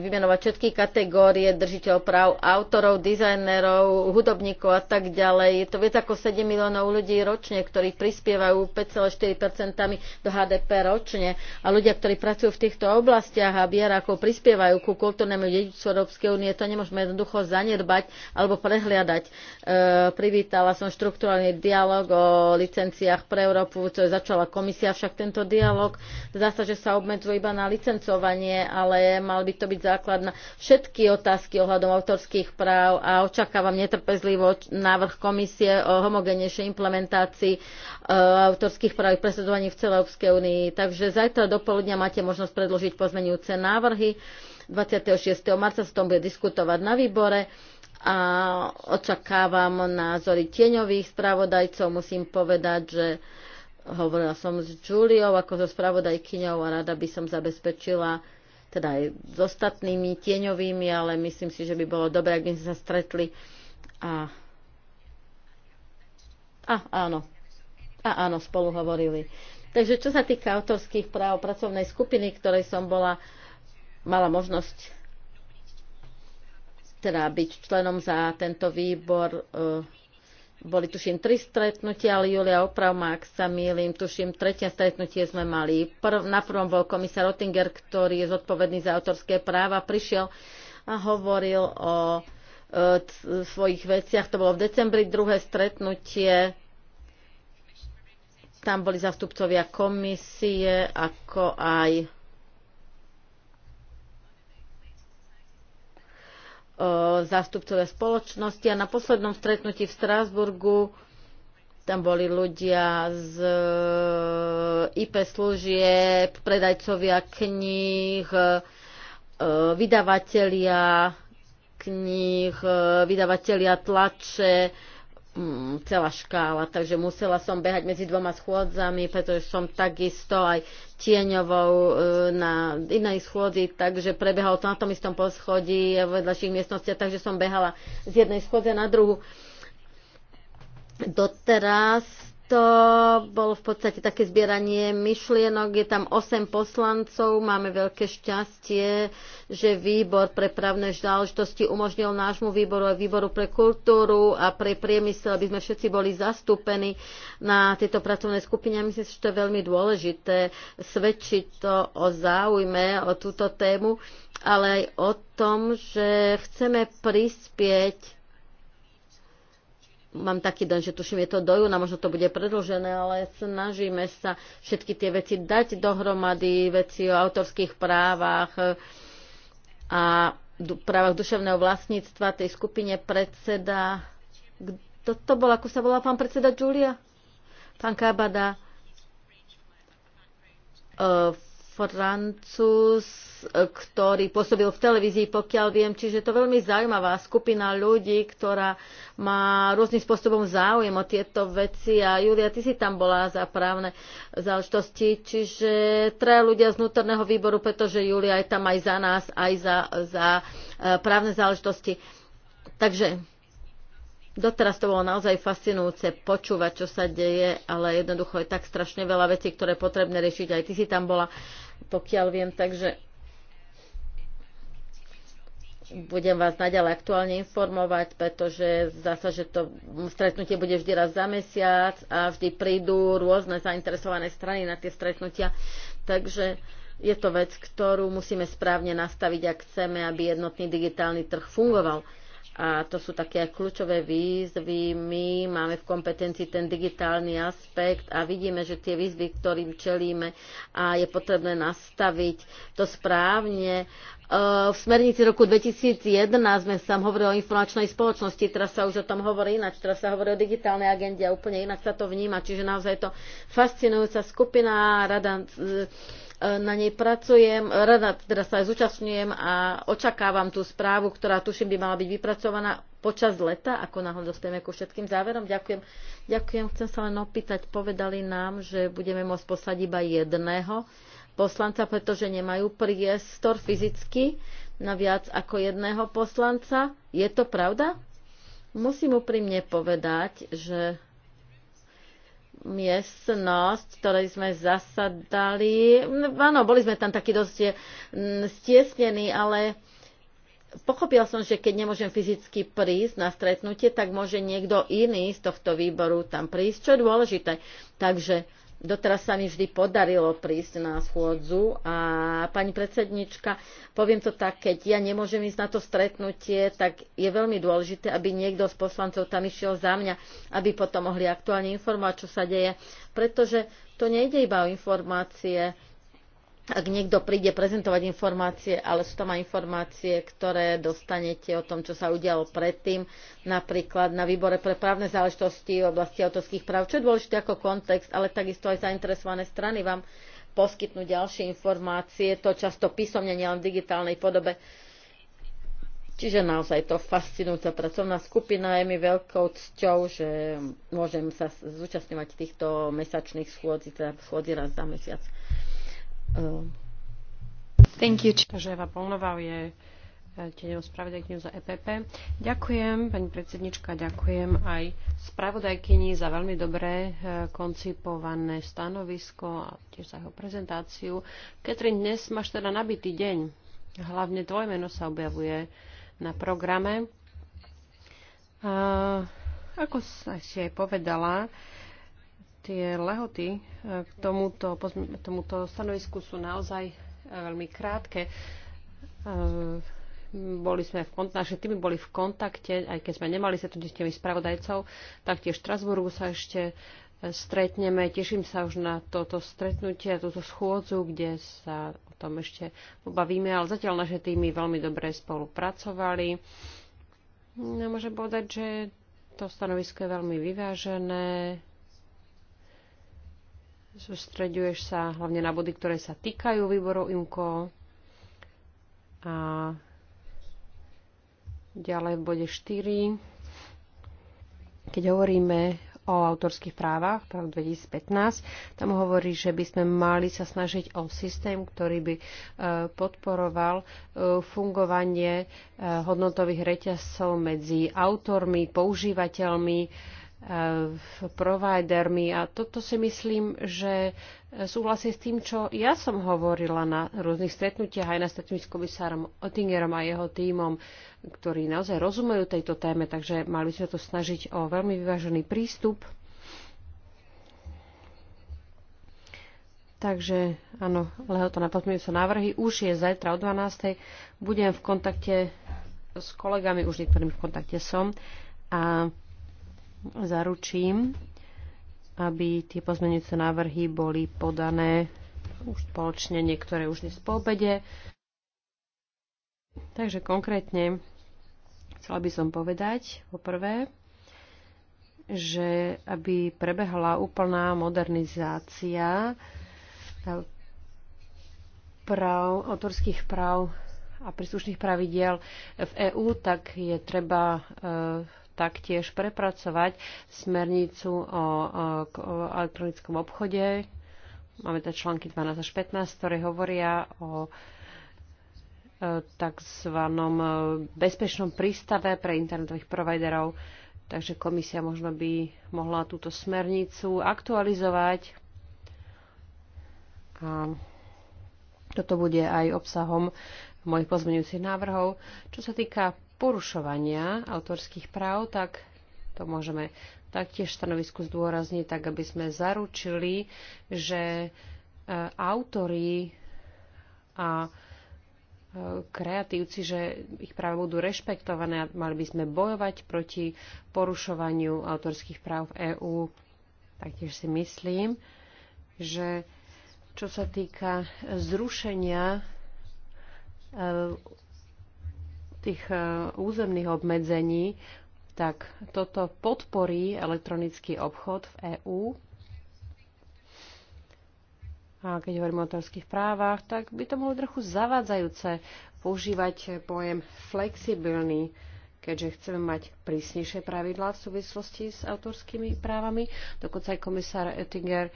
vymenovať všetky kategórie držiteľov práv, autorov, dizajnerov, hudobníkov a tak ďalej. Je to viac ako 7 miliónov ľudí ročne, ktorí prispievajú 5,4 do HDP ročne a ľudia, ktorí pracujú v týchto oblastiach a bierakov prispievajú ku kultúrnemu dedičstvu Európskej únie, to nemôžeme jednoducho zanedbať alebo prehliadať. Eh, privítala som štruktúrny dialog o licenciách pre Európu, čo začala komisia, však tento dialog Zdá sa, že sa obmedzuje iba na licencovanie, ale mal by to byť základ na všetky otázky ohľadom autorských práv a očakávam netrpezlivo návrh komisie o homogenejšej implementácii e, autorských práv presedovaní v celej Európskej únii. Takže zajtra do poludnia máte možnosť predložiť pozmenujúce návrhy. 26. marca sa tom bude diskutovať na výbore a očakávam názory tieňových spravodajcov. Musím povedať, že Hovorila som s Juliou ako so spravodajkyňou a rada by som zabezpečila teda aj s ostatnými tieňovými, ale myslím si, že by bolo dobré, ak by sme sa stretli. A, a áno. A áno, spolu hovorili. Takže čo sa týka autorských práv pracovnej skupiny, ktorej som bola, mala možnosť teda byť členom za tento výbor, e, boli tuším tri stretnutia, ale Julia ma, ak sa mýlim, tuším tretie stretnutie sme mali. Prv, na prvom bol komisár Ottinger, ktorý je zodpovedný za autorské práva, prišiel a hovoril o e, svojich veciach. To bolo v decembri druhé stretnutie. Tam boli zastupcovia komisie, ako aj E, zástupcovia spoločnosti a na poslednom stretnutí v Strasburgu tam boli ľudia z e, IP služieb, predajcovia kníh, e, vydavatelia kníh, vydavatelia tlače, Mm, celá škála, takže musela som behať medzi dvoma schôdzami, pretože som takisto aj tieňovou e, na inej schôdzi, takže prebehalo to na tom istom poschodí v vedľaších miestnostiach, takže som behala z jednej schôdze na druhu. Doteraz to bolo v podstate také zbieranie myšlienok. Je tam 8 poslancov. Máme veľké šťastie, že výbor pre právne záležitosti umožnil nášmu výboru aj výboru pre kultúru a pre priemysel, aby sme všetci boli zastúpení na tieto pracovné skupiny. myslím si, že to je veľmi dôležité. svedčiť to o záujme o túto tému, ale aj o tom, že chceme prispieť mám taký den, že tuším, je to do júna, možno to bude predlžené, ale snažíme sa všetky tie veci dať dohromady, veci o autorských právach e, a právach duševného vlastníctva tej skupine predseda. Kto to bol, ako sa volá pán predseda Julia? Pán Kabada. Uh, Francúz, ktorý pôsobil v televízii, pokiaľ viem. Čiže to je veľmi zaujímavá skupina ľudí, ktorá má rôznym spôsobom záujem o tieto veci. A Julia, ty si tam bola za právne záležitosti. Čiže traja ľudia z vnútorného výboru, pretože Julia je tam aj za nás, aj za, za eh, právne záležitosti. Takže Doteraz to bolo naozaj fascinujúce počúvať, čo sa deje, ale jednoducho je tak strašne veľa vecí, ktoré je potrebné riešiť. Aj ty si tam bola, pokiaľ viem, takže budem vás naďalej aktuálne informovať, pretože zasa, že to stretnutie bude vždy raz za mesiac a vždy prídu rôzne zainteresované strany na tie stretnutia. Takže je to vec, ktorú musíme správne nastaviť, ak chceme, aby jednotný digitálny trh fungoval a to sú také aj kľúčové výzvy. My máme v kompetencii ten digitálny aspekt a vidíme, že tie výzvy, ktorým čelíme a je potrebné nastaviť to správne. E, v smernici roku 2011 sme sa hovorili o informačnej spoločnosti, teraz sa už o tom hovorí ináč, teraz sa hovorí o digitálnej agende a úplne inak sa to vníma, čiže naozaj je to fascinujúca skupina. Rada e, E, na nej pracujem, rada teda sa aj zúčastňujem a očakávam tú správu, ktorá tuším by mala byť vypracovaná počas leta, ako náhle dostaneme ku všetkým záverom. Ďakujem. Ďakujem, chcem sa len opýtať, povedali nám, že budeme môcť poslať iba jedného poslanca, pretože nemajú priestor fyzicky na viac ako jedného poslanca. Je to pravda? Musím úprimne povedať, že miestnosť, ktorej sme zasadali. Mm, áno, boli sme tam takí dosť mm, stiesnení, ale pochopil som, že keď nemôžem fyzicky prísť na stretnutie, tak môže niekto iný z tohto výboru tam prísť, čo je dôležité. Takže Doteraz sa mi vždy podarilo prísť na schôdzu a pani predsednička, poviem to tak, keď ja nemôžem ísť na to stretnutie, tak je veľmi dôležité, aby niekto z poslancov tam išiel za mňa, aby potom mohli aktuálne informovať, čo sa deje. Pretože to nejde iba o informácie, ak niekto príde prezentovať informácie, ale sú tam aj informácie, ktoré dostanete o tom, čo sa udialo predtým, napríklad na výbore pre právne záležitosti v oblasti autorských práv, čo je dôležité ako kontext, ale takisto aj zainteresované strany vám poskytnú ďalšie informácie, to často písomne, nielen v digitálnej podobe. Čiže naozaj to fascinujúca pracovná skupina je mi veľkou cťou, že môžem sa zúčastňovať týchto mesačných schôdzi, teda schôdzi raz za mesiac. Ehm. je e, za EPP. Ďakujem, pani predsednička, ďakujem aj spravodajkyni za veľmi dobré e, koncipované stanovisko a tiež za jeho prezentáciu. Katrin, dnes máš teda nabitý deň. Hlavne tvoje meno sa objavuje na programe. A, ako sa si aj povedala, Tie lehoty e, k tomuto, k tomuto stanovisku sú naozaj e, veľmi krátke. E, boli sme v kont- naše týmy boli v kontakte, aj keď sme nemali tu s tými spravodajcov, tak tiež v Strasburgu sa ešte stretneme. Teším sa už na toto stretnutie, túto schôdzu, kde sa o tom ešte pobavíme, ale zatiaľ naše týmy veľmi dobre spolupracovali. No, môžem povedať, že to stanovisko je veľmi vyvážené, Sústreduješ sa hlavne na body, ktoré sa týkajú výboru IMCO. A ďalej v bode 4, keď hovoríme o autorských právach, práv 2015, tam hovorí, že by sme mali sa snažiť o systém, ktorý by e, podporoval e, fungovanie e, hodnotových reťazcov medzi autormi, používateľmi, Eh, providermi. A toto si myslím, že eh, súhlasí s tým, čo ja som hovorila na rôznych stretnutiach aj na stretnutí s komisárom Otingerom a jeho tímom, ktorí naozaj rozumejú tejto téme, takže mali sme to snažiť o veľmi vyvážený prístup. Takže áno, lehota na sa návrhy už je zajtra o 12. Budem v kontakte s kolegami, už niektorým v kontakte som. A zaručím, aby tie pozmenujúce návrhy boli podané už spoločne, niektoré už dnes po obede. Takže konkrétne chcela by som povedať poprvé, že aby prebehla úplná modernizácia eh, práv, autorských práv a príslušných pravidiel v EÚ, tak je treba e, taktiež prepracovať smernicu o elektronickom obchode. Máme tam články 12 až 15, ktoré hovoria o e, tzv. E, bezpečnom prístave pre internetových providerov. Takže komisia možno by mohla túto smernicu aktualizovať. A toto bude aj obsahom mojich pozmeňujúcich návrhov. Čo sa týka porušovania autorských práv, tak to môžeme taktiež stanovisku zdôrazniť, tak aby sme zaručili, že e, autory a e, kreatívci, že ich práve budú rešpektované a mali by sme bojovať proti porušovaniu autorských práv v EÚ. Taktiež si myslím, že čo sa týka zrušenia e, tých e, územných obmedzení, tak toto podporí elektronický obchod v EÚ. A keď hovoríme o autorských právach, tak by to bolo trochu zavádzajúce používať pojem flexibilný, keďže chceme mať prísnejšie pravidlá v súvislosti s autorskými právami. Dokonca aj komisár Oettinger uh,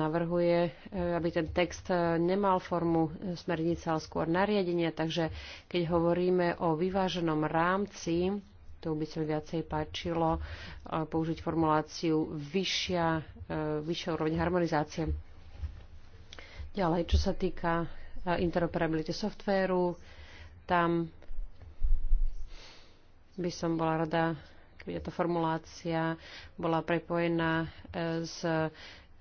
navrhuje, e, aby ten text e, nemal formu e, smernice, ale skôr nariadenia. Takže keď hovoríme o vyváženom rámci, to by sa viacej páčilo použiť formuláciu vyššia, vyššia úroveň harmonizácie. Ďalej, čo sa týka interoperability softvéru, tam by som bola rada, keby táto formulácia bola prepojená s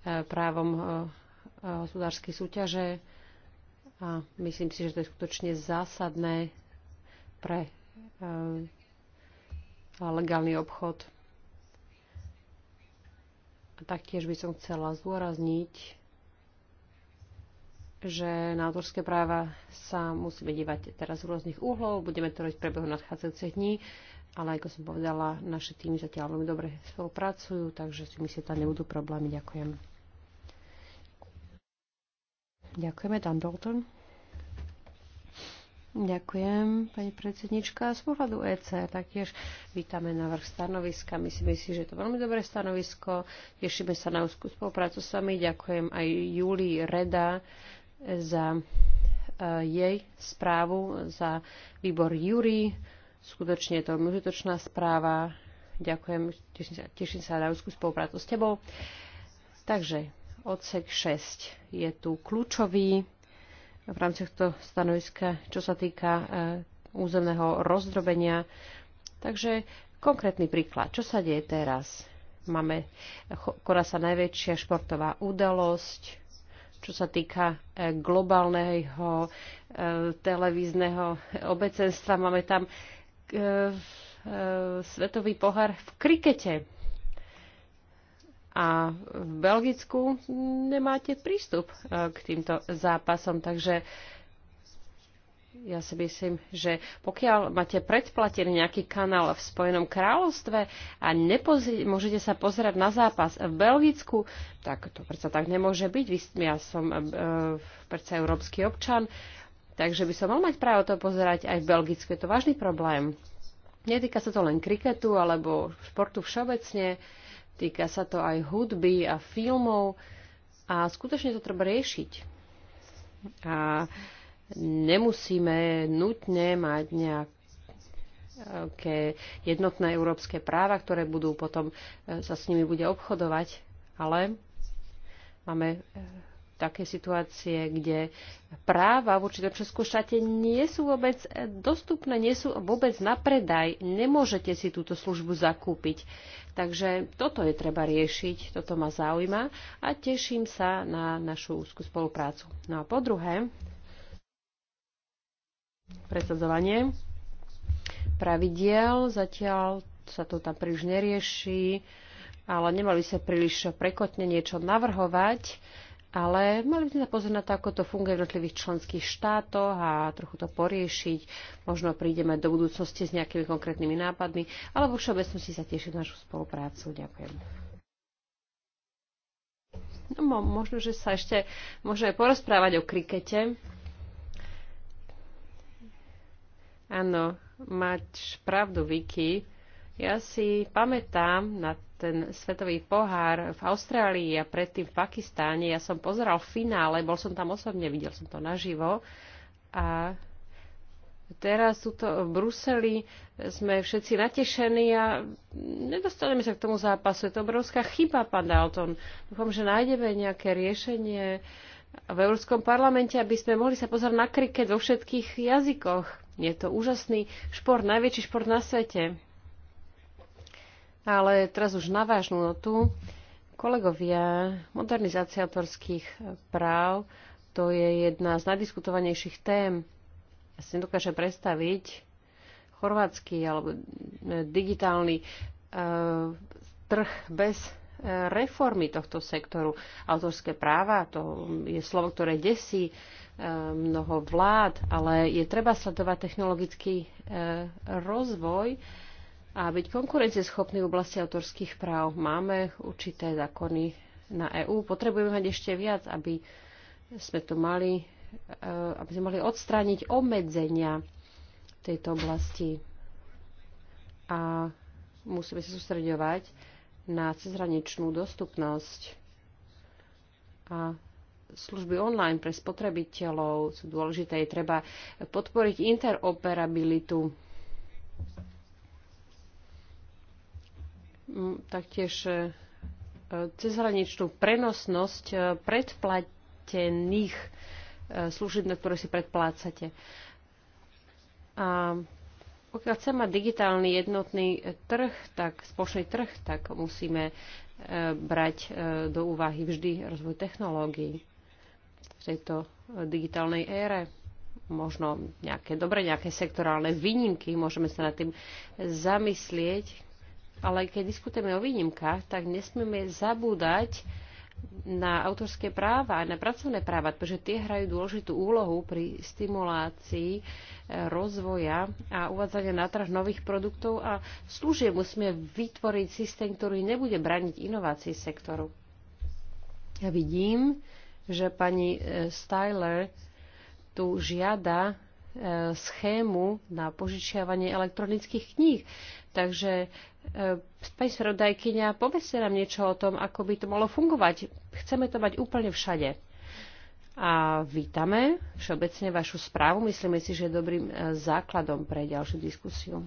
právom eh, eh, hospodárskej súťaže a myslím si, že to je skutočne zásadné pre eh, legálny obchod. A taktiež by som chcela zdôrazniť, že na autorské práva sa musíme dívať teraz z rôznych úhlov, Budeme to robiť v priebehu nadchádzajúcich dní, ale ako som povedala, naše týmy zatiaľ veľmi dobre spolupracujú, takže si myslím, že tam nebudú problémy. Ďakujem. Ďakujeme, Dan Dalton. Ďakujem, pani predsednička. Z pohľadu EC taktiež vítame vrch stanoviska. Myslím si, že je to veľmi dobré stanovisko. Tešíme sa na úzkú spoluprácu s vami. Ďakujem aj Julii Reda za e, jej správu, za výbor Júri. Skutočne je to veľmi užitočná správa. Ďakujem, teším sa, teším sa na úzkú spoluprácu s tebou. Takže odsek 6 je tu kľúčový v rámci tohto stanoviska, čo sa týka e, územného rozdrobenia. Takže konkrétny príklad, čo sa deje teraz? Máme, koná sa najväčšia športová udalosť, čo sa týka e, globálneho e, televízneho obecenstva. Máme tam svetový pohár v krikete a v Belgicku nemáte prístup e, k týmto zápasom, takže ja si myslím, že pokiaľ máte predplatený nejaký kanál v Spojenom kráľovstve a nepozri- môžete sa pozerať na zápas v Belgicku, tak to predsa tak nemôže byť. Ja som e, predsa európsky občan, takže by som mal mať právo to pozerať aj v Belgicku. Je to vážny problém. Netýka sa to len kriketu alebo športu všeobecne. E, týka sa to aj hudby a filmov a skutočne to treba riešiť. A nemusíme nutne mať nejaké jednotné európske práva, ktoré budú potom e, sa s nimi bude obchodovať, ale máme e, také situácie, kde práva v určitom českom štáte nie sú vôbec dostupné, nie sú vôbec na predaj. Nemôžete si túto službu zakúpiť. Takže toto je treba riešiť, toto ma zaujíma a teším sa na našu úzkú spoluprácu. No a po druhé, presadzovanie pravidiel. Zatiaľ sa to tam príliš nerieši, ale nemali sa príliš prekotne niečo navrhovať ale mali by sme sa pozrieť na to, ako to funguje v jednotlivých členských štátoch a trochu to poriešiť. Možno prídeme do budúcnosti s nejakými konkrétnymi nápadmi, ale vo všeobecnosti sa teším našu spoluprácu. Ďakujem. No, možno, že sa ešte môžeme porozprávať o krikete. Áno, máš pravdu, Vicky. Ja si pamätám na ten svetový pohár v Austrálii a predtým v Pakistáne. Ja som pozeral finále, bol som tam osobne, videl som to naživo. A teraz tuto v Bruseli sme všetci natešení a nedostaneme sa k tomu zápasu. Je to obrovská chyba, pán Dalton. Dúfam, že nájdeme nejaké riešenie v Európskom parlamente, aby sme mohli sa pozerať na kriket vo všetkých jazykoch. Je to úžasný šport, najväčší šport na svete. Ale teraz už na vážnu notu. Kolegovia, modernizácia autorských práv to je jedna z najdiskutovanejších tém. Ja si nedokážem predstaviť chorvátsky alebo e, digitálny uh, trh bez e, reformy tohto sektoru. Autorské práva, to je slovo, ktoré desí mnoho vlád, ale je treba sledovať technologický rozvoj a byť konkurencieschopný v oblasti autorských práv. Máme určité zákony na EÚ, potrebujeme mať ešte viac, aby sme tu mali, eh, aby sme mohli odstrániť obmedzenia v tejto oblasti. A musíme sa sústreďovať na cezhraničnú dostupnosť a služby online pre spotrebiteľov sú dôležité. Je treba podporiť interoperabilitu taktiež e, cezhraničnú prenosnosť e, predplatených e, služieb, na ktoré si predplácate. A pokiaľ chceme mať digitálny jednotný trh, tak spoločný trh, tak musíme brať do úvahy vždy rozvoj technológií v tejto digitálnej ére. Možno nejaké dobre, nejaké sektorálne výnimky, môžeme sa nad tým zamyslieť, ale keď diskutujeme o výnimkách, tak nesmieme zabúdať na autorské práva a na pracovné práva, pretože tie hrajú dôležitú úlohu pri stimulácii e, rozvoja a uvádzania na trh nových produktov a služieb musíme vytvoriť systém, ktorý nebude braniť inovácii sektoru. Ja vidím, že pani e, Styler tu žiada E, schému na požičiavanie elektronických kníh. Takže, e, pani srodajkyňa, povedzte nám niečo o tom, ako by to malo fungovať. Chceme to mať úplne všade. A vítame všeobecne vašu správu. Myslíme si, že je dobrým e, základom pre ďalšiu diskusiu.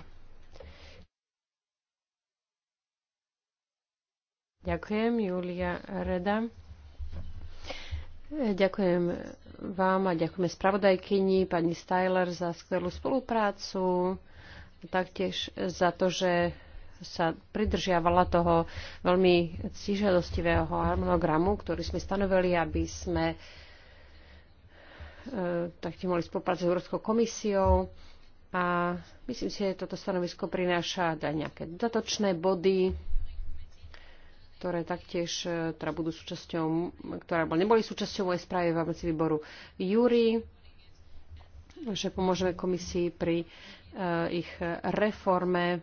Ďakujem, Julia Reda. Ďakujem vám a ďakujeme spravodajkyni, pani Styler, za skvelú spoluprácu, a taktiež za to, že sa pridržiavala toho veľmi cížadostivého harmonogramu, ktorý sme stanovili, aby sme e, taktiež mohli spolupracovať s Európskou komisiou. A myslím si, že toto stanovisko prináša aj nejaké dodatočné body, ktoré taktiež e, teda budú súčasťou, ktoré neboli súčasťou mojej správy v rámci výboru Júri, že pomôžeme komisii pri uh, ich reforme.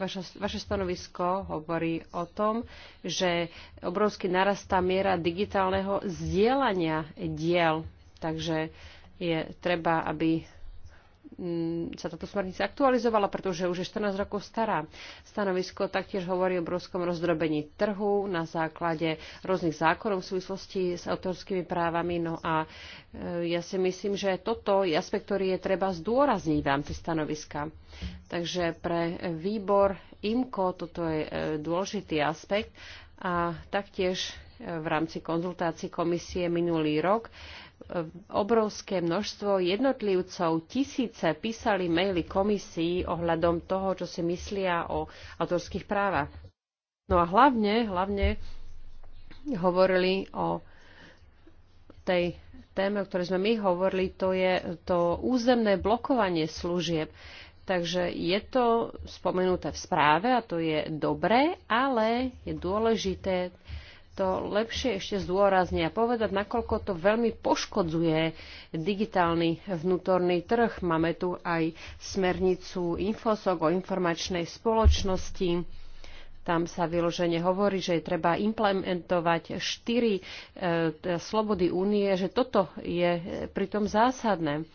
Vaša, vaše stanovisko hovorí o tom, že obrovsky narastá miera digitálneho zdieľania diel. Takže je treba, aby Mm, sa táto smernica aktualizovala, pretože už je 14 rokov stará. Stanovisko taktiež hovorí o obrovskom rozdrobení trhu na základe rôznych zákonov v súvislosti s autorskými právami. No a e, ja si myslím, že toto je aspekt, ktorý je treba zdôrazniť v rámci stanoviska. Takže pre výbor IMCO toto je e, dôležitý aspekt a taktiež e, v rámci konzultácií komisie minulý rok obrovské množstvo jednotlivcov, tisíce písali maily komisii ohľadom toho, čo si myslia o autorských právach. No a hlavne, hlavne hovorili o tej téme, o ktorej sme my hovorili, to je to územné blokovanie služieb. Takže je to spomenuté v správe a to je dobré, ale je dôležité to lepšie ešte zdôrazniť a povedať, nakoľko to veľmi poškodzuje digitálny vnútorný trh. Máme tu aj smernicu Infosok o informačnej spoločnosti. Tam sa vyložene hovorí, že je treba implementovať štyri e, slobody únie, že toto je pritom zásadné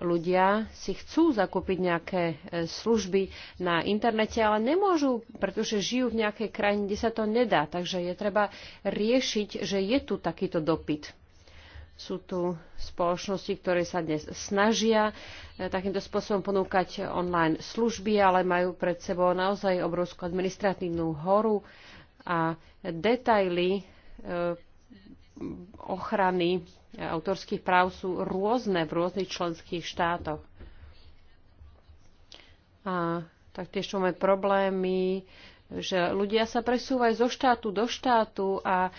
ľudia si chcú zakúpiť nejaké e, služby na internete, ale nemôžu, pretože žijú v nejakej krajine, kde sa to nedá. Takže je treba riešiť, že je tu takýto dopyt. Sú tu spoločnosti, ktoré sa dnes snažia e, takýmto spôsobom ponúkať online služby, ale majú pred sebou naozaj obrovskú administratívnu horu a detaily e, ochrany e, autorských práv sú rôzne v rôznych členských štátoch. A taktiež máme problémy, že ľudia sa presúvajú zo štátu do štátu a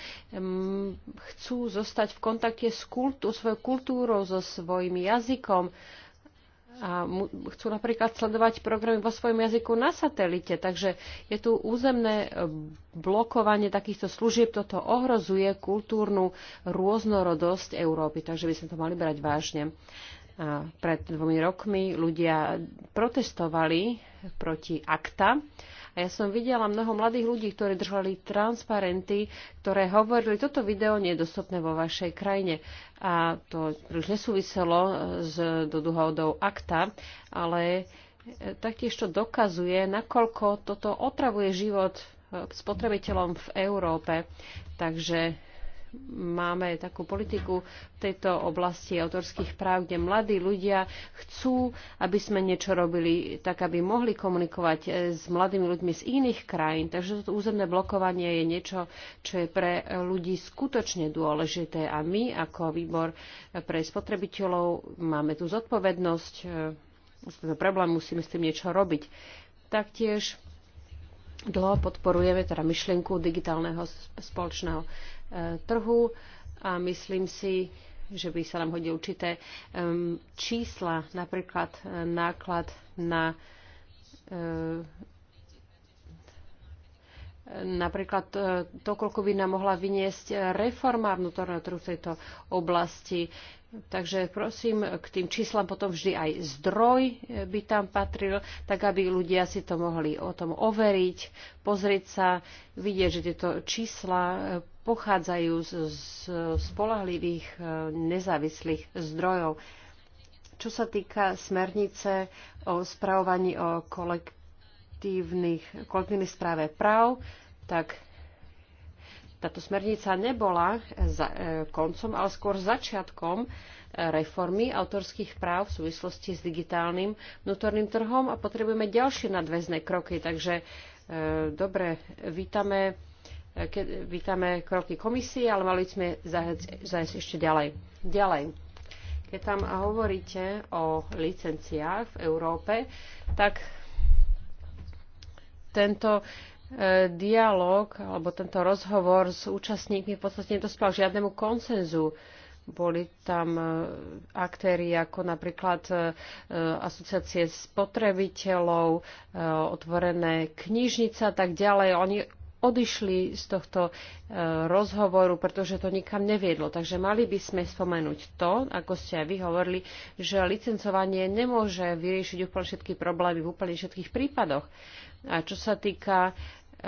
chcú zostať v kontakte s kultú, svojou kultúrou, so svojím jazykom a chcú napríklad sledovať programy vo svojom jazyku na satelite. Takže je tu územné e, blokovanie takýchto služieb, toto ohrozuje kultúrnu rôznorodosť Európy, takže by sme to mali brať vážne. A pred dvomi rokmi ľudia protestovali proti akta a ja som videla mnoho mladých ľudí, ktorí držali transparenty, ktoré hovorili, toto video nie je dostupné vo vašej krajine. A to už nesúviselo e, s dohodou akta, ale e, taktiež to dokazuje, nakoľko toto otravuje život e, spotrebiteľom v Európe. Takže máme takú politiku v tejto oblasti autorských práv, kde mladí ľudia chcú, aby sme niečo robili tak, aby mohli komunikovať e, s mladými ľuďmi z iných krajín. Takže toto územné blokovanie je niečo, čo je pre ľudí skutočne dôležité a my ako výbor pre spotrebiteľov máme tu zodpovednosť e, z tento problém, musíme s tým niečo robiť. Taktiež dlho podporujeme teda myšlienku digitálneho spoločného Eh, trhu a myslím si, že by sa nám hodili určité čísla, napríklad eh, náklad na eh, napríklad to, koľko by nám mohla vyniesť reforma vnútorného trhu v tejto oblasti. Takže prosím, k tým číslam potom vždy aj zdroj by tam patril, tak aby ľudia si to mohli o tom overiť, pozrieť sa, vidieť, že tieto čísla pochádzajú z, spolahlivých e, nezávislých zdrojov. Čo sa týka smernice o spravovaní o kolektívnych, kolektívnej správe práv, tak táto smernica nebola za, e, koncom, ale skôr začiatkom e, reformy autorských práv v súvislosti s digitálnym vnútorným trhom a potrebujeme ďalšie nadväzné kroky. Takže e, dobre, vítame E, keď vítame kroky komisie, ale mali sme zajsť ešte ďalej. Ďalej. Keď tam hovoríte o licenciách v Európe, tak tento e, dialog alebo tento rozhovor s účastníkmi v podstate nedospel žiadnemu konsenzu. Boli tam e, aktéry ako napríklad asociácie spotrebiteľov, otvorené knižnice a tak ďalej. Oni odišli z tohto e, rozhovoru, pretože to nikam neviedlo. Takže mali by sme spomenúť to, ako ste aj vy hovorili, že licencovanie nemôže vyriešiť úplne všetky problémy v úplne všetkých prípadoch. A čo sa týka e,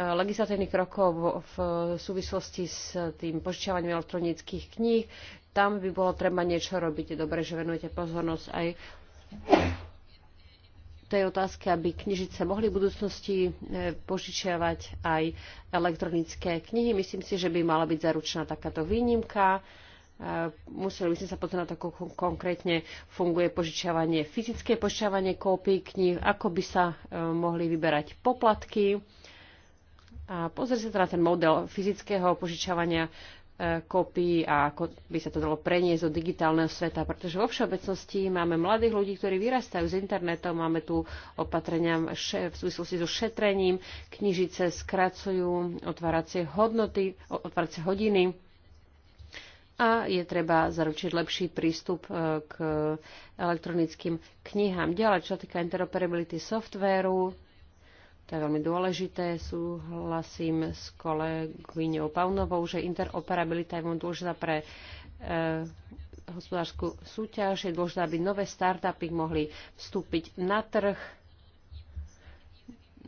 legislatívnych krokov v súvislosti s tým požičiavaním elektronických kníh, tam by bolo treba niečo robiť. Dobre, dobré, že venujete pozornosť aj tej otázke, aby knižnice mohli v budúcnosti e, požičiavať aj elektronické knihy. Myslím si, že by mala byť zaručená takáto výnimka. E, museli by sme sa pozrieť na to, ako konkrétne funguje požičiavanie, fyzické požičiavanie kópií kníh, ako by sa e, mohli vyberať poplatky. A pozrieť sa teda ten model fyzického požičiavania kopy a ako by sa to dalo preniesť do digitálneho sveta, pretože vo všeobecnosti máme mladých ľudí, ktorí vyrastajú s internetom, máme tu opatrenia v súvislosti so šetrením, knižice skracujú otváracie hodnoty, otváracie hodiny a je treba zaručiť lepší prístup e, k elektronickým knihám. Ďalej, čo sa týka interoperability softvéru, to je veľmi dôležité. Súhlasím s kolegyňou Paunovou, že interoperabilita je veľmi dôležitá pre e, hospodárskú súťaž. Je dôležité, aby nové startupy mohli vstúpiť na trh.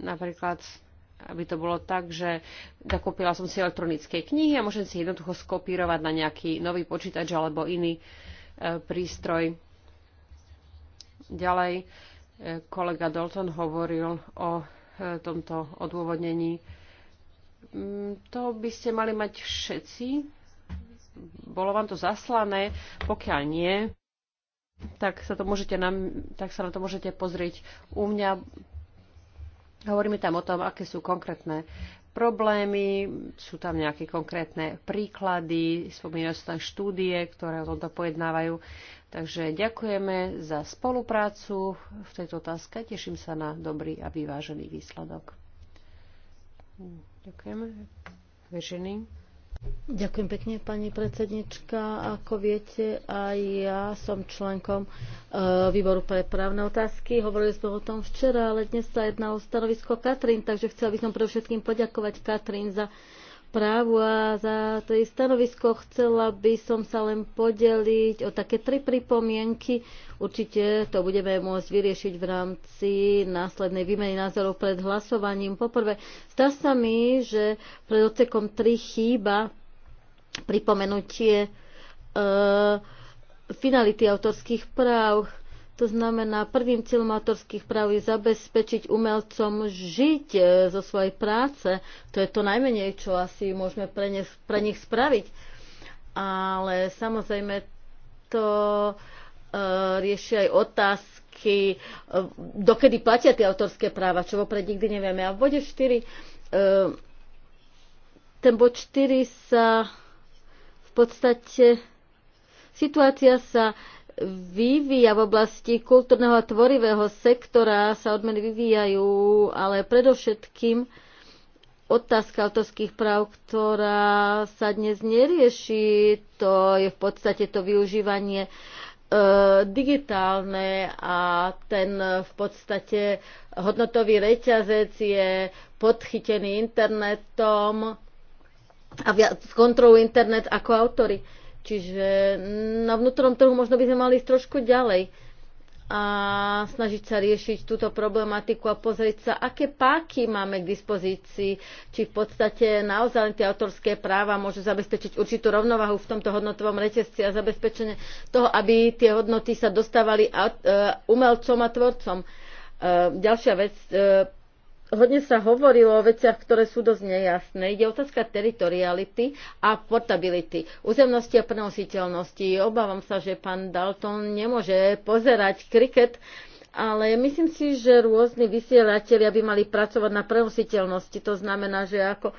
Napríklad aby to bolo tak, že zakúpila som si elektronické knihy a môžem si jednoducho skopírovať na nejaký nový počítač alebo iný e, prístroj. Ďalej e, kolega Dalton hovoril o E, tomto odôvodnení. Mm, to by ste mali mať všetci. Bolo vám to zaslané. Pokiaľ nie, tak sa, to môžete na, tak sa na to môžete pozrieť u mňa. Hovoríme tam o tom, aké sú konkrétne problémy, sú tam nejaké konkrétne príklady, spomínajú sa tam štúdie, ktoré o tomto pojednávajú. Takže ďakujeme za spoluprácu v tejto otázke. Teším sa na dobrý a vyvážený výsledok. Ďakujem. Vyžený. Ďakujem pekne, pani predsednička. Ako viete, aj ja som členkom eh, výboru pre právne otázky. Hovorili sme o tom včera, ale dnes sa jedná o stanovisko Katrin, takže chcela by som pre všetkým poďakovať Katrin za správu a za to jej stanovisko. Chcela by som sa len podeliť o také tri pripomienky. Určite to budeme môcť vyriešiť v rámci následnej výmeny názorov pred hlasovaním. Poprvé, zdá sa mi, že pred ocekom 3 chýba pripomenutie e, finality autorských práv to znamená, prvým cieľom autorských práv je zabezpečiť umelcom žiť e, zo svojej práce. To je to najmenej, čo asi môžeme pre, ne, pre nich spraviť. Ale samozrejme to e, rieši aj otázky, e, dokedy platia tie autorské práva, čo vopred nikdy nevieme. A v bode 4, e, ten bod 4 sa v podstate, situácia sa vývia v oblasti kultúrneho a tvorivého sektora, sa odmeny vyvíjajú, ale predovšetkým otázka autorských práv, ktorá sa dnes nerieši, to je v podstate to využívanie e, digitálne a ten v podstate hodnotový reťazec je podchytený internetom a viac kontrolu internet ako autory. E, Čiže na vnútornom trhu možno by sme mali ísť trošku ďalej a snažiť sa riešiť túto problematiku a pozrieť sa, aké páky máme k dispozícii, či v podstate naozaj tie autorské práva môžu zabezpečiť určitú rovnovahu v tomto hodnotovom reťazci a zabezpečenie toho, aby tie hodnoty sa dostávali e, umelcom a tvorcom. E, ďalšia vec, e, hodne sa hovorilo o veciach, ktoré sú dosť nejasné. Ide otázka teritoriality a portability, územnosti a prenositeľnosti. Obávam sa, že pán Dalton nemôže pozerať kriket, ale myslím si, že rôzni vysielatelia by mali pracovať na prenositeľnosti. To znamená, že ako e,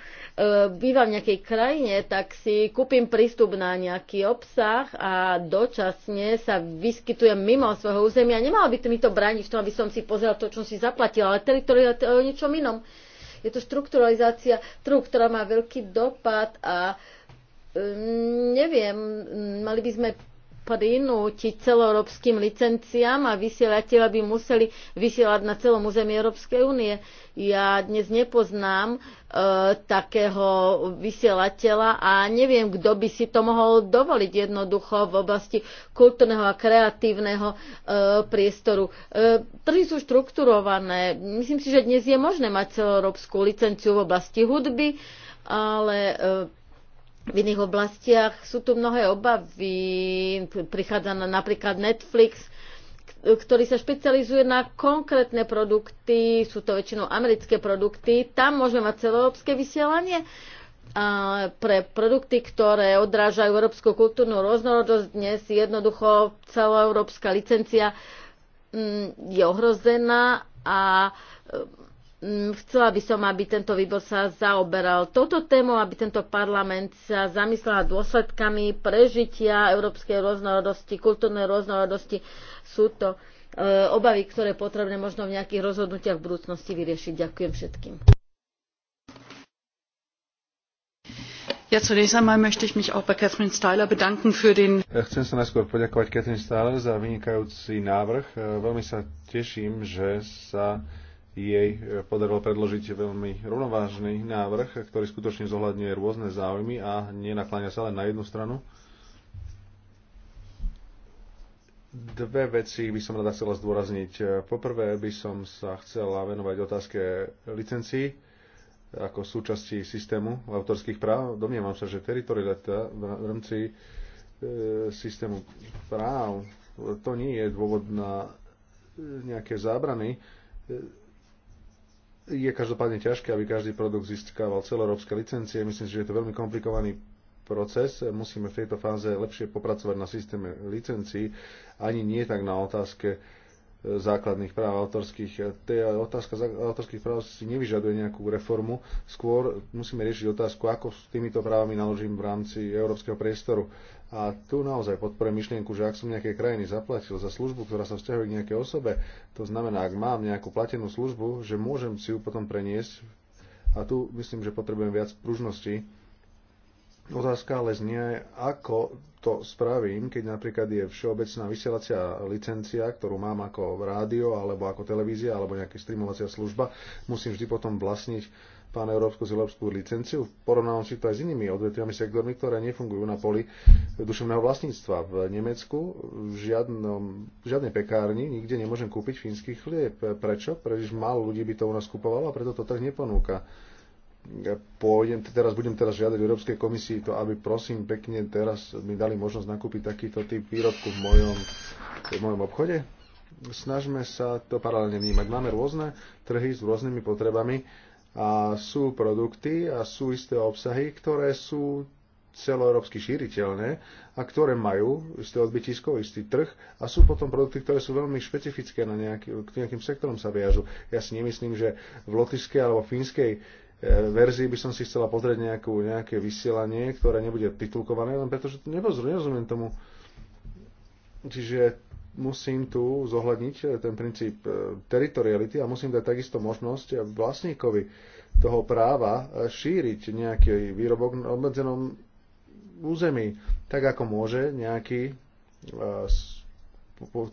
bývam v nejakej krajine, tak si kúpim prístup na nejaký obsah a dočasne sa vyskytujem mimo svojho územia. Nemalo by to mi to brániť v tom, aby som si pozrel to, čo si zaplatila, ale teritoriálne je o niečom inom. Je to štrukturalizácia trhu, ktorá má veľký dopad a mm, neviem, mali by sme prinútiť celoeurópskym licenciám a vysielateľa by museli vysielať na celom území Európskej únie. Ja dnes nepoznám e, takého vysielateľa a neviem, kto by si to mohol dovoliť jednoducho v oblasti kultúrneho a kreatívneho e, priestoru. E, trhy sú štrukturované. Myslím si, že dnes je možné mať celoeurópsku licenciu v oblasti hudby, ale e, v iných oblastiach. Sú tu mnohé obavy, prichádza na napríklad Netflix, ktorý sa špecializuje na konkrétne produkty, sú to väčšinou americké produkty, tam môžeme mať celoeurópske vysielanie. A pre produkty, ktoré odrážajú európsku kultúrnu rôznorodosť, dnes jednoducho celoeurópska licencia mm, je ohrozená a Mm, chcela by som, aby tento výbor sa zaoberal toto tému, aby tento parlament sa zamyslel dôsledkami prežitia európskej rôznorodosti, kultúrnej rôznorodosti. Sú to e, obavy, ktoré je potrebné možno v nejakých rozhodnutiach v budúcnosti vyriešiť. Ďakujem všetkým. Ja zunächst einmal möchte ich mich auch bei Catherine Styler bedanken für den... Chcem sa najskôr poďakovať Catherine Styler za vynikajúci návrh. E, veľmi sa teším, že sa jej e, podarilo predložiť veľmi rovnovážny návrh, ktorý skutočne zohľadňuje rôzne záujmy a nenakláňa sa len na jednu stranu. Dve veci by som rada chcela zdôrazniť. E, poprvé by som sa chcela venovať otázke licencií ako súčasti systému autorských práv. Domnievam sa, že teritorialita v rámci e, systému práv to nie je dôvod na nejaké zábrany je každopádne ťažké, aby každý produkt získaval celoeurópske licencie. Myslím si, že je to veľmi komplikovaný proces. Musíme v tejto fáze lepšie popracovať na systéme licencií, ani nie tak na otázke základných práv autorských. E, tá otázka autorských práv si nevyžaduje nejakú reformu. Skôr musíme riešiť otázku, ako s týmito právami naložím v rámci európskeho priestoru. A tu naozaj podporujem myšlienku, že ak som nejaké krajiny zaplatil za službu, ktorá sa vzťahuje k nejakej osobe, to znamená, ak mám nejakú platenú službu, že môžem si ju potom preniesť. A tu myslím, že potrebujem viac pružnosti Otázka ale znie, ako to spravím, keď napríklad je všeobecná vysielacia licencia, ktorú mám ako rádio, alebo ako televízia, alebo nejaká streamovacia služba, musím vždy potom vlastniť pán európsku zelebskú licenciu. Porovnávam si to aj s inými odvetviami sektormi, ktoré nefungujú na poli duševného vlastníctva. V Nemecku v, žiadnom, v žiadnej pekárni nikde nemôžem kúpiť fínsky chlieb. Prečo? Prečo málo ľudí by to u nás kupovalo a preto to trh neponúka pôjdem, teraz budem teraz žiadať Európskej komisii to, aby prosím pekne teraz mi dali možnosť nakúpiť takýto typ výrobku v mojom, v mojom obchode? Snažme sa to paralelne vnímať. Máme rôzne trhy s rôznymi potrebami a sú produkty a sú isté obsahy, ktoré sú celoeurópsky šíriteľné a ktoré majú isté odbytisko, istý trh a sú potom produkty, ktoré sú veľmi špecifické na nejaký, k nejakým sektorom sa viažu. Ja si nemyslím, že v lotišskej alebo fínskej Eh, verzii by som si chcela pozrieť nejakú, nejaké vysielanie, ktoré nebude titulkované, len pretože to nerozumiem tomu. Čiže musím tu zohľadniť eh, ten princíp eh, teritoriality a musím dať takisto možnosť vlastníkovi toho práva šíriť nejaký výrobok na obmedzenom území, tak ako môže nejaký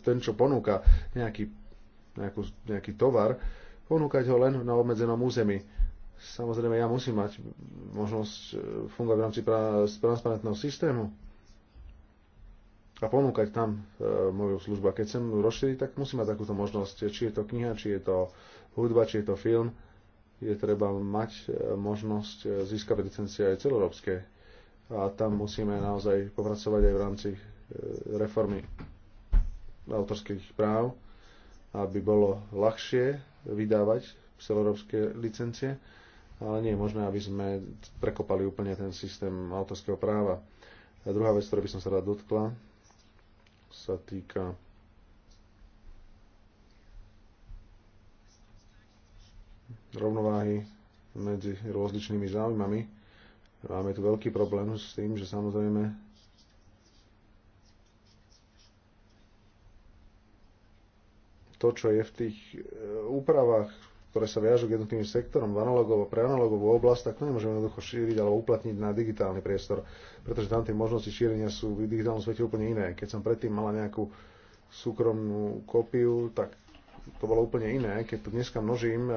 ten, čo ponúka nejaký, nejakú, nejaký tovar, ponúkať ho len na obmedzenom území Samozrejme, ja musím mať možnosť e, fungovať v rámci transparentného systému a ponúkať tam e, moju službu. A keď chcem rozšíriť, tak musím mať takúto možnosť. Či je to kniha, či je to hudba, či je to film, je treba mať e, možnosť e, získať licencie aj celoeurópske. A tam musíme naozaj popracovať aj v rámci reformy autorských práv, aby bolo ľahšie vydávať celoeurópske licencie ale nie je možné, aby sme prekopali úplne ten systém autorského práva. A druhá vec, ktorej by som sa rád dotkla, sa týka rovnováhy medzi rozličnými záujmami. Máme tu veľký problém s tým, že samozrejme to, čo je v tých e, úpravách ktoré sa viažú k jednotlivým sektorom v analogovú, pre analogovú oblasť, tak to nemôžeme jednoducho šíriť alebo uplatniť na digitálny priestor, pretože tam tie možnosti šírenia sú v digitálnom svete úplne iné. Keď som predtým mala nejakú súkromnú kópiu, tak to bolo úplne iné. Keď to dneska množím,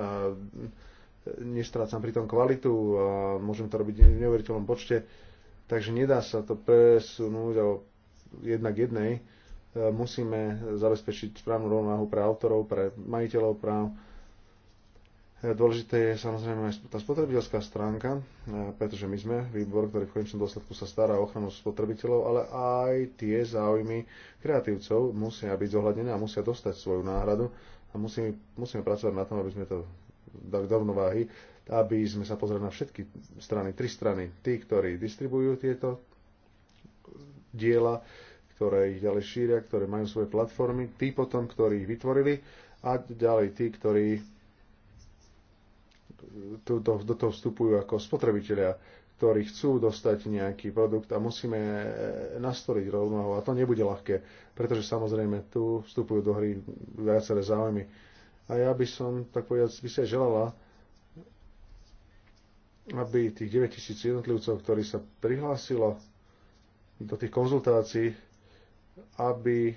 nestrácam pri tom kvalitu a môžem to robiť v neuveriteľnom počte, takže nedá sa to presunúť o jednak jednej. E, musíme zabezpečiť správnu rovnováhu pre autorov, pre majiteľov práv, Dôležité je samozrejme aj tá spotrebiteľská stránka, e, pretože my sme výbor, ktorý v konečnom dôsledku sa stará o ochranu spotrebiteľov, ale aj tie záujmy kreatívcov musia byť zohľadené a musia dostať svoju náhradu a musíme, musíme pracovať na tom, aby sme to dali do rovnováhy, aby sme sa pozreli na všetky strany, tri strany, tí, ktorí distribujú tieto diela, ktoré ich ďalej šíria, ktoré majú svoje platformy, tí potom, ktorí ich vytvorili a ďalej tí, ktorí do, do, do toho vstupujú ako spotrebitelia, ktorí chcú dostať nejaký produkt a musíme e, nastoliť rovnoho. A to nebude ľahké, pretože samozrejme tu vstupujú do hry viaceré záujmy. A ja by som, tak povedať, by sa želala, aby tých 9000 jednotlivcov, ktorí sa prihlásilo do tých konzultácií, aby e,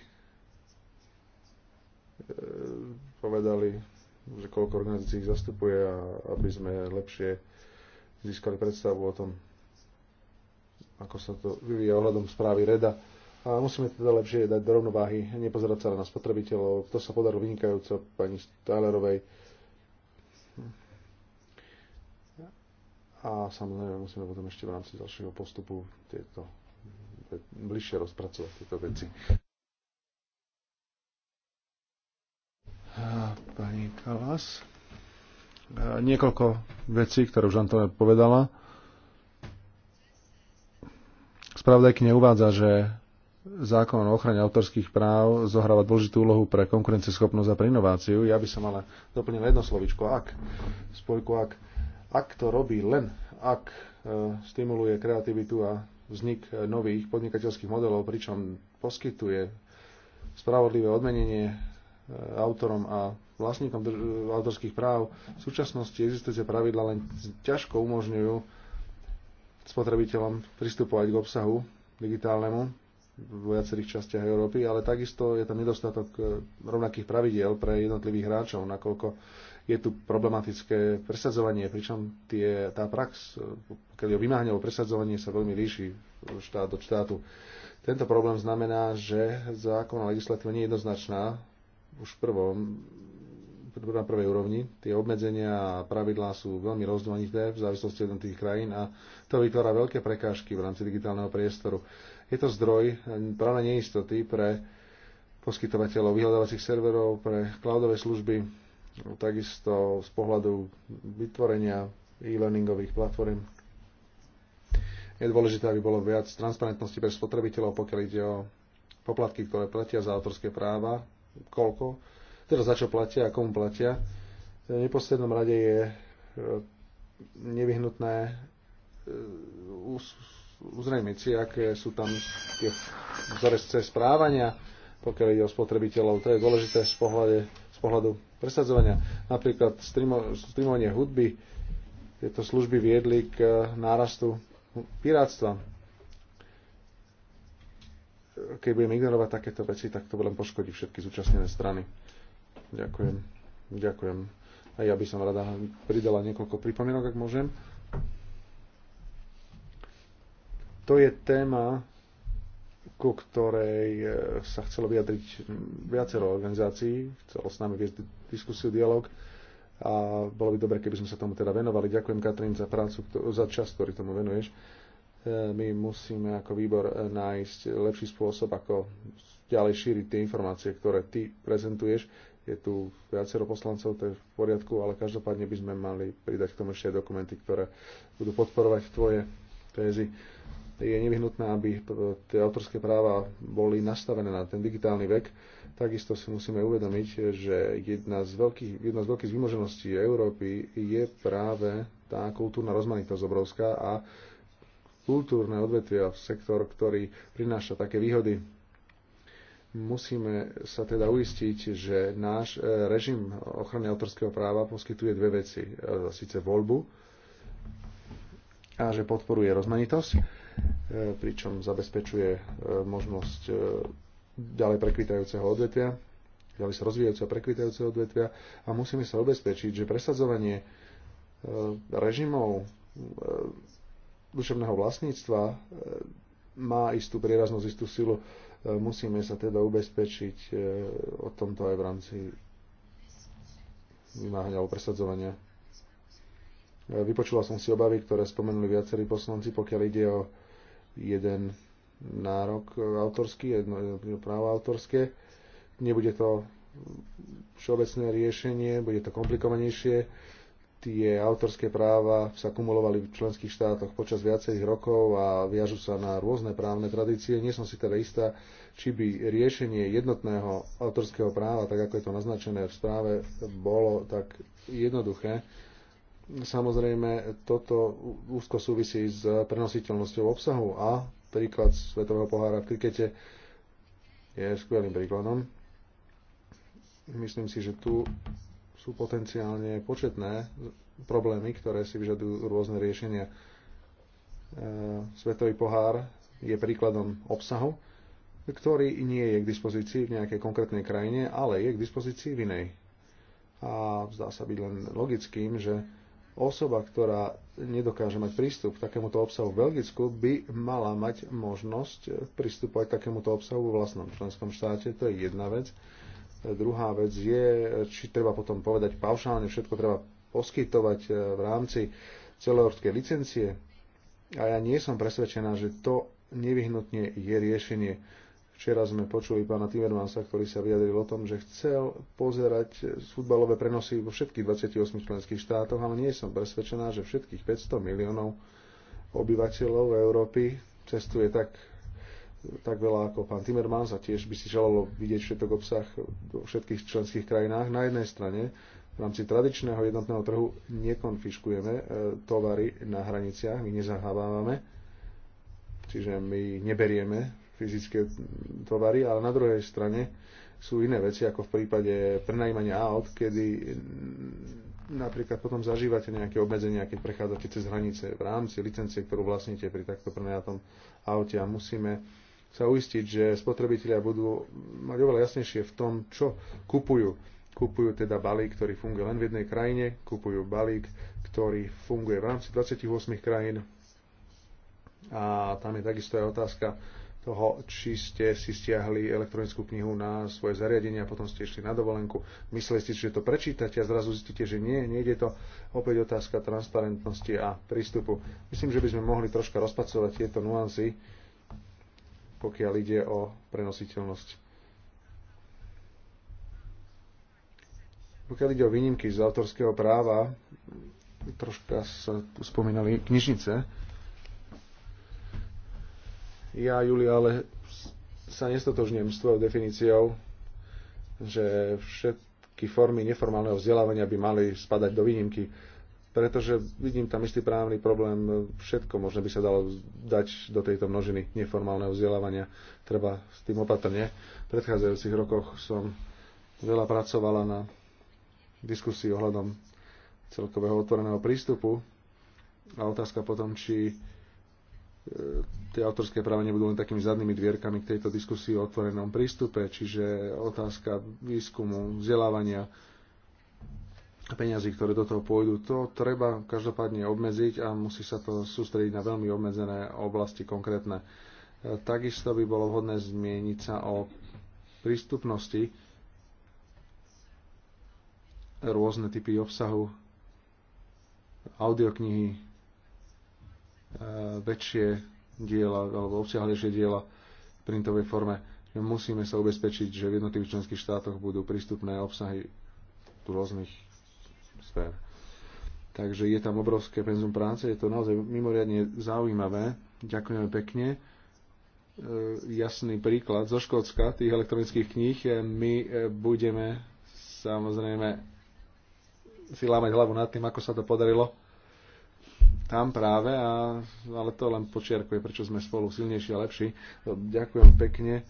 povedali že koľko organizácií ich zastupuje a aby sme lepšie získali predstavu o tom, ako sa to vyvíja ohľadom správy reda. A musíme teda lepšie dať do rovnováhy, nepozerať sa na spotrebiteľov. To sa podarilo vynikajúco pani Stálerovej. A samozrejme musíme potom ešte v rámci ďalšieho postupu tieto bližšie rozpracovať tieto veci. pani Kalas. E, niekoľko vecí, ktoré už Antone povedala. Spravodajkyňa uvádza, že zákon o ochrane autorských práv zohráva dôležitú úlohu pre konkurencieschopnosť a pre inováciu. Ja by som ale doplnil jedno slovičko ak. Spojku ak. Ak to robí len ak e, stimuluje kreativitu a vznik e, nových podnikateľských modelov, pričom poskytuje spravodlivé odmenenie E, autorom a vlastníkom autorských práv. V súčasnosti existujúce pravidla len ťažko umožňujú spotrebiteľom pristupovať k obsahu digitálnemu v viacerých častiach Európy, ale takisto je tam nedostatok e, rovnakých pravidiel pre jednotlivých hráčov, nakoľko je tu problematické presadzovanie, pričom tie, tá prax, e, keď je vymáhanie o presadzovanie, sa veľmi líši štát od štátu. Tento problém znamená, že zákon a legislatíva nie je jednoznačná už v prvom, na prvej úrovni. Tie obmedzenia a pravidlá sú veľmi rozdvanité v závislosti od tých krajín a to vytvára veľké prekážky v rámci digitálneho priestoru. Je to zdroj eh, práve neistoty pre poskytovateľov vyhľadávacích serverov, pre cloudové služby, takisto z pohľadu vytvorenia e-learningových platform. Je dôležité, aby bolo viac transparentnosti pre spotrebiteľov, pokiaľ ide o poplatky, ktoré platia za autorské práva koľko, teda za čo platia a komu platia. V neposlednom rade je e, nevyhnutné e, uzrejmiť si, aké sú tam tie vzorezce správania, pokiaľ ide o spotrebiteľov. To je dôležité z, pohľade, z pohľadu presadzovania. Napríklad streamo, streamovanie hudby, tieto služby viedli k e, nárastu pirátstva keď budeme ignorovať takéto veci, tak to len poškodí všetky zúčastnené strany. Ďakujem. Ďakujem. A ja by som rada pridala niekoľko pripomienok, ak môžem. To je téma, ku ktorej e, sa chcelo vyjadriť viacero organizácií, chcelo s nami viesť diskusiu, dialog a bolo by dobre, keby sme sa tomu teda venovali. Ďakujem, Katrin, za prácu, za čas, ktorý tomu venuješ my musíme ako výbor e, nájsť lepší spôsob, ako ďalej šíriť tie informácie, ktoré ty prezentuješ. Je tu viacero poslancov, to je v poriadku, ale každopádne by sme mali pridať k tomu ešte aj dokumenty, ktoré budú podporovať tvoje tézy. Je nevyhnutné, aby tie autorské práva boli nastavené na ten digitálny vek. Takisto si musíme uvedomiť, že jedna z veľkých, jedna z veľkých vymožeností Európy je práve tá kultúrna rozmanitosť obrovská a kultúrne odvetvia, sektor, ktorý prináša také výhody. Musíme sa teda uistiť, že náš e, režim ochrany autorského práva poskytuje dve veci. E, Sice voľbu a že podporuje rozmanitosť, e, pričom zabezpečuje možnosť ďalej prekvitajúceho odvetvia, ďalej sa rozvíjajúceho prekvitajúceho odvetvia a musíme sa obezpečiť, že presadzovanie režimov duševného vlastníctva e, má istú prieraznosť, istú silu. E, musíme sa teda ubezpečiť e, o tomto aj v rámci vymáhania alebo presadzovania. Vypočula som si obavy, ktoré spomenuli viacerí poslanci, pokiaľ ide o jeden nárok autorský, jedno, právo autorské. Nebude to všeobecné riešenie, bude to komplikovanejšie tie autorské práva sa kumulovali v členských štátoch počas viacerých rokov a viažu sa na rôzne právne tradície. Nie som si teda istá, či by riešenie jednotného autorského práva, tak ako je to naznačené v správe, bolo tak jednoduché. Samozrejme, toto úzko súvisí s prenositeľnosťou obsahu a príklad Svetového pohára v krikete je skvelým príkladom. Myslím si, že tu sú potenciálne početné problémy, ktoré si vyžadujú rôzne riešenia. E, svetový pohár je príkladom obsahu, ktorý nie je k dispozícii v nejakej konkrétnej krajine, ale je k dispozícii v inej. A zdá sa byť len logickým, že osoba, ktorá nedokáže mať prístup k takémuto obsahu v Belgicku, by mala mať možnosť pristupovať k takémuto obsahu vo vlastnom členskom štáte. To je jedna vec. Druhá vec je, či treba potom povedať paušálne, všetko treba poskytovať e, v rámci celoeurópskej licencie. A ja nie som presvedčená, že to nevyhnutne je riešenie. Včera sme počuli pána Timmermansa, ktorý sa vyjadril o tom, že chcel pozerať futbalové prenosy vo všetkých 28 členských štátoch, ale nie som presvedčená, že všetkých 500 miliónov obyvateľov Európy cestuje tak tak veľa ako pán Timmermans a tiež by si želalo vidieť všetok obsah vo všetkých členských krajinách. Na jednej strane v rámci tradičného jednotného trhu nekonfiškujeme e, tovary na hraniciach, my nezahábávame, čiže my neberieme fyzické tovary, ale na druhej strane sú iné veci, ako v prípade prenajímania aut, kedy napríklad potom zažívate nejaké obmedzenia, keď prechádzate cez hranice v rámci licencie, ktorú vlastníte pri takto prenajatom aute a musíme sa uistiť, že spotrebitelia budú mať oveľa jasnejšie v tom, čo kupujú. Kupujú teda balík, ktorý funguje len v jednej krajine, kupujú balík, ktorý funguje v rámci 28 krajín. A tam je takisto aj otázka toho, či ste si stiahli elektronickú knihu na svoje zariadenie a potom ste išli na dovolenku. Mysleli ste, že to prečítate a zrazu zistíte, že nie, nejde to. Opäť otázka transparentnosti a prístupu. Myslím, že by sme mohli troška rozpracovať tieto nuancy pokiaľ ide o prenositeľnosť. Pokiaľ ide o výnimky z autorského práva, troška sa tu spomínali knižnice. Ja, julia, ale sa nestotožňujem s tvojou definíciou, že všetky formy neformálneho vzdelávania by mali spadať do výnimky pretože vidím tam istý právny problém. Všetko možno by sa dalo dať do tejto množiny neformálneho vzdelávania. Treba s tým opatrne. V predchádzajúcich rokoch som veľa pracovala na diskusii ohľadom celkového otvoreného prístupu a otázka potom, či e, tie autorské práva nebudú len takými zadnými dvierkami k tejto diskusii o otvorenom prístupe, čiže otázka výskumu, vzdelávania, peniazy, ktoré do toho pôjdu, to treba každopádne obmedziť a musí sa to sústrediť na veľmi obmedzené oblasti konkrétne. E, takisto by bolo vhodné zmieniť sa o prístupnosti rôzne typy obsahu, audioknihy, e, väčšie diela alebo obsiahlejšie diela v printovej forme. Musíme sa ubezpečiť, že v jednotlivých členských štátoch budú prístupné obsahy rôznych sfér. Takže je tam obrovské penzum práce, je to naozaj mimoriadne zaujímavé. Ďakujeme pekne. E, jasný príklad zo Škótska, tých elektronických kníh. E, my e, budeme samozrejme si lámať hlavu nad tým, ako sa to podarilo tam práve, a, ale to len počiarkuje, prečo sme spolu silnejší a lepší. Ďakujem pekne.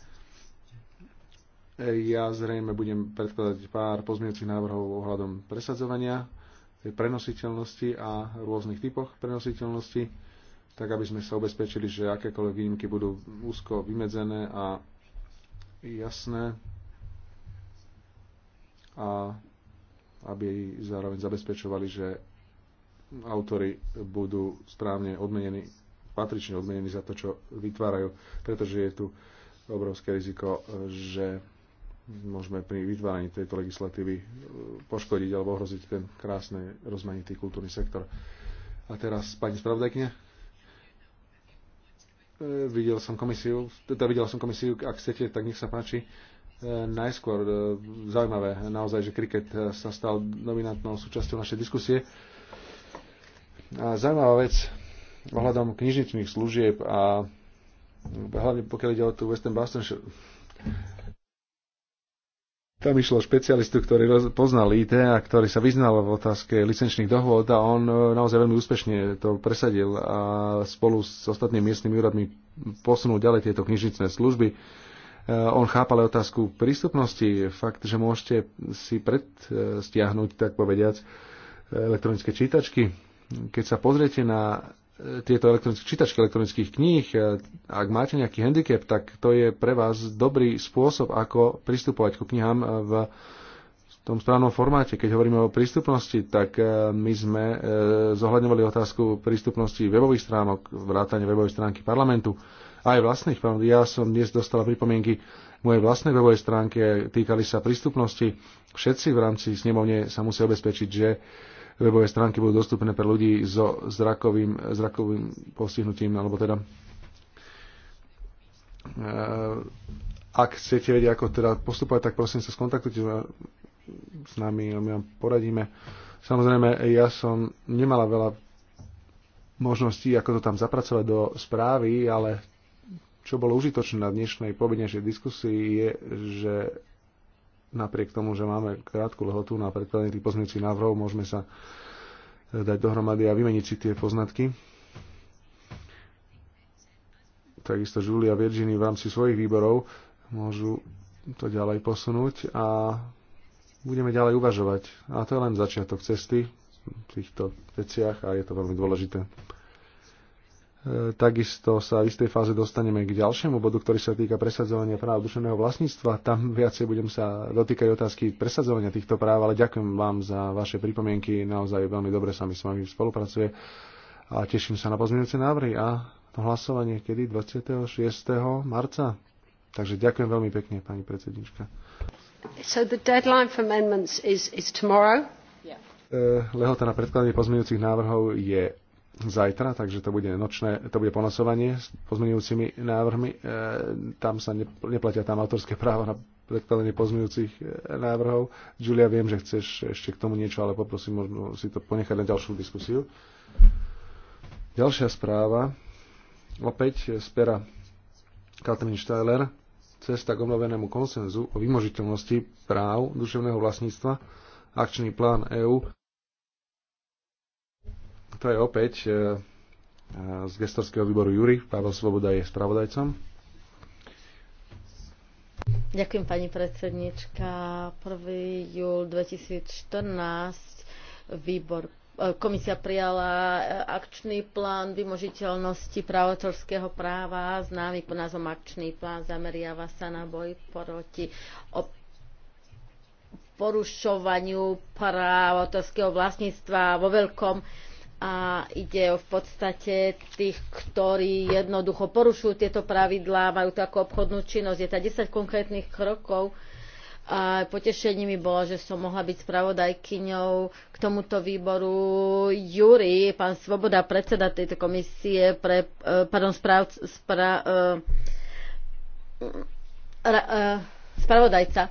Ja zrejme budem predkladať pár pozmiecich návrhov ohľadom presadzovania, tej prenositeľnosti a rôznych typoch prenositeľnosti, tak aby sme sa ubezpečili, že akékoľvek výnimky budú úzko vymedzené a jasné a aby zároveň zabezpečovali, že autory budú správne odmenení, patrične odmenení za to, čo vytvárajú, pretože je tu obrovské riziko, že môžeme pri vytváraní tejto legislatívy e, poškodiť alebo ohroziť ten krásny, rozmanitý kultúrny sektor. A teraz pani spravodajkňa. E, videl som komisiu, teda videl som komisiu, ak chcete, tak nech sa páči. E, najskôr e, zaujímavé naozaj, že kriket e, sa stal dominantnou súčasťou našej diskusie. A zaujímavá vec ohľadom knižničných služieb a hlavne pokiaľ ide o tú Western Boston tam išlo špecialistu, ktorý poznal IT a ktorý sa vyznal v otázke licenčných dohôd a on e, naozaj veľmi úspešne to presadil a spolu s ostatnými miestnymi úradmi posunul ďalej tieto knižničné služby. E, on chápal aj otázku prístupnosti, fakt, že môžete si predstiahnuť, tak povediac, e, elektronické čítačky. Keď sa pozriete na tieto elektronické, čítačky elektronických kníh, e, ak máte nejaký handicap, tak to je pre vás dobrý spôsob, ako pristupovať ku knihám e, v tom správnom formáte. Keď hovoríme o prístupnosti, tak e, my sme zohľadňovali otázku prístupnosti webových stránok, vrátane webovej stránky parlamentu, aj vlastných. Ja som dnes dostala pripomienky mojej vlastnej webovej stránke, týkali sa prístupnosti. Všetci v rámci snemovne sa musia obezpečiť, že webové stránky budú dostupné pre ľudí so zrakovým, zrakovým postihnutím, alebo teda eh, ak chcete vedieť, ako teda postupovať, tak prosím sa skontaktujte s nami a my vám poradíme. Samozrejme, ja som nemala veľa možností, ako to tam zapracovať do správy, ale čo bolo užitočné na dnešnej pobednejšej diskusii je, že napriek tomu, že máme krátku lehotu na predkladanie tých pozmeňujúcich návrhov, môžeme sa e, dať dohromady a vymeniť si tie poznatky. Takisto Julia a Virginy v rámci svojich výborov môžu to ďalej posunúť a budeme ďalej uvažovať. A to je len začiatok cesty v týchto veciach a je to veľmi dôležité. Takisto sa v istej fáze dostaneme k ďalšiemu bodu, ktorý sa týka presadzovania práv duševného vlastníctva. Tam viacej budem sa dotýkať otázky presadzovania týchto práv, ale ďakujem vám za vaše pripomienky. Naozaj veľmi dobre sa mi s vami spolupracuje a teším sa na pozmeňujúce návrhy a to hlasovanie kedy? 26. marca. Takže ďakujem veľmi pekne, pani predsednička. So the deadline for amendments is, is tomorrow? Yeah. Eh, lehota na predkladanie pozmeňujúcich návrhov je zajtra, takže to bude nočné, to bude ponosovanie s pozmenujúcimi návrhmi. E, tam sa neplatia tam autorské práva na predkladanie pozmenujúcich e, návrhov. Julia, viem, že chceš ešte k tomu niečo, ale poprosím možno si to ponechať na ďalšiu diskusiu. Ďalšia správa, opäť z pera Katrin Steiler, cesta k obnovenému konsenzu o vymožiteľnosti práv duševného vlastníctva, akčný plán EÚ to je opäť e, e, z gestorského výboru Jury. Pavel Svoboda je spravodajcom. Ďakujem, pani predsednička. 1. júl 2014 výbor e, Komisia prijala akčný plán vymožiteľnosti právotorského práva, známy pod názvom akčný plán, zameriava sa na boj proti porušovaniu práv autorského vlastníctva vo veľkom a ide o v podstate tých, ktorí jednoducho porušujú tieto pravidlá, majú to ako obchodnú činnosť. Je to 10 konkrétnych krokov. A potešením mi bolo, že som mohla byť spravodajkyňou k tomuto výboru Júri, pán Svoboda, predseda tejto komisie pre, e, pardon, správ, spra, e, ra, e, spravodajca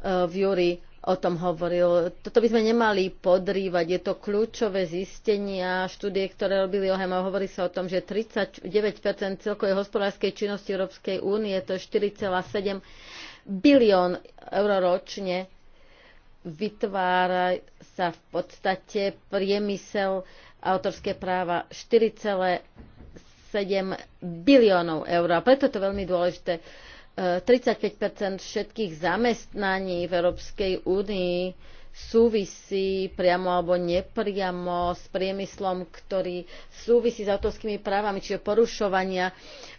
v Júri o tom hovoril. Toto by sme nemali podrývať. Je to kľúčové zistenia štúdie, ktoré robili OHM. Hovorí sa o tom, že 39 celkovej hospodárskej činnosti Európskej únie, to je 4,7 bilión eur ročne, vytvára sa v podstate priemysel autorské práva 4,7 biliónov eur. A preto to je veľmi dôležité five všetkých zamestnaní v Európskej únii súvisí priamo alebo nepriamo s priemyslom, ktorý súvisí s autorskými právami, čiže porušovania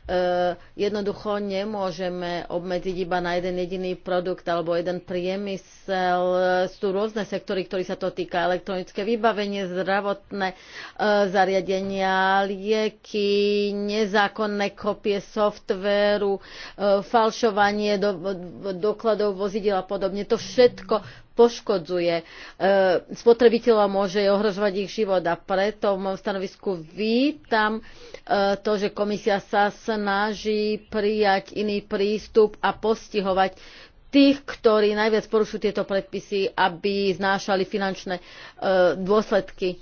Eh, jednoducho nemôžeme obmedziť iba na jeden jediný produkt alebo jeden priemysel. Eh, sú rôzne sektory, ktorí sa to týka. Elektronické vybavenie, zdravotné eh, zariadenia, lieky, nezákonné kopie softvéru, falšovanie do, dokladov vozidel a podobne. To všetko poškodzuje spotrebiteľa, môže ohrožovať ich život a preto v mojom stanovisku vítam to, že komisia sa snaží prijať iný prístup a postihovať tých, ktorí najviac porušujú tieto predpisy, aby znášali finančné e, dôsledky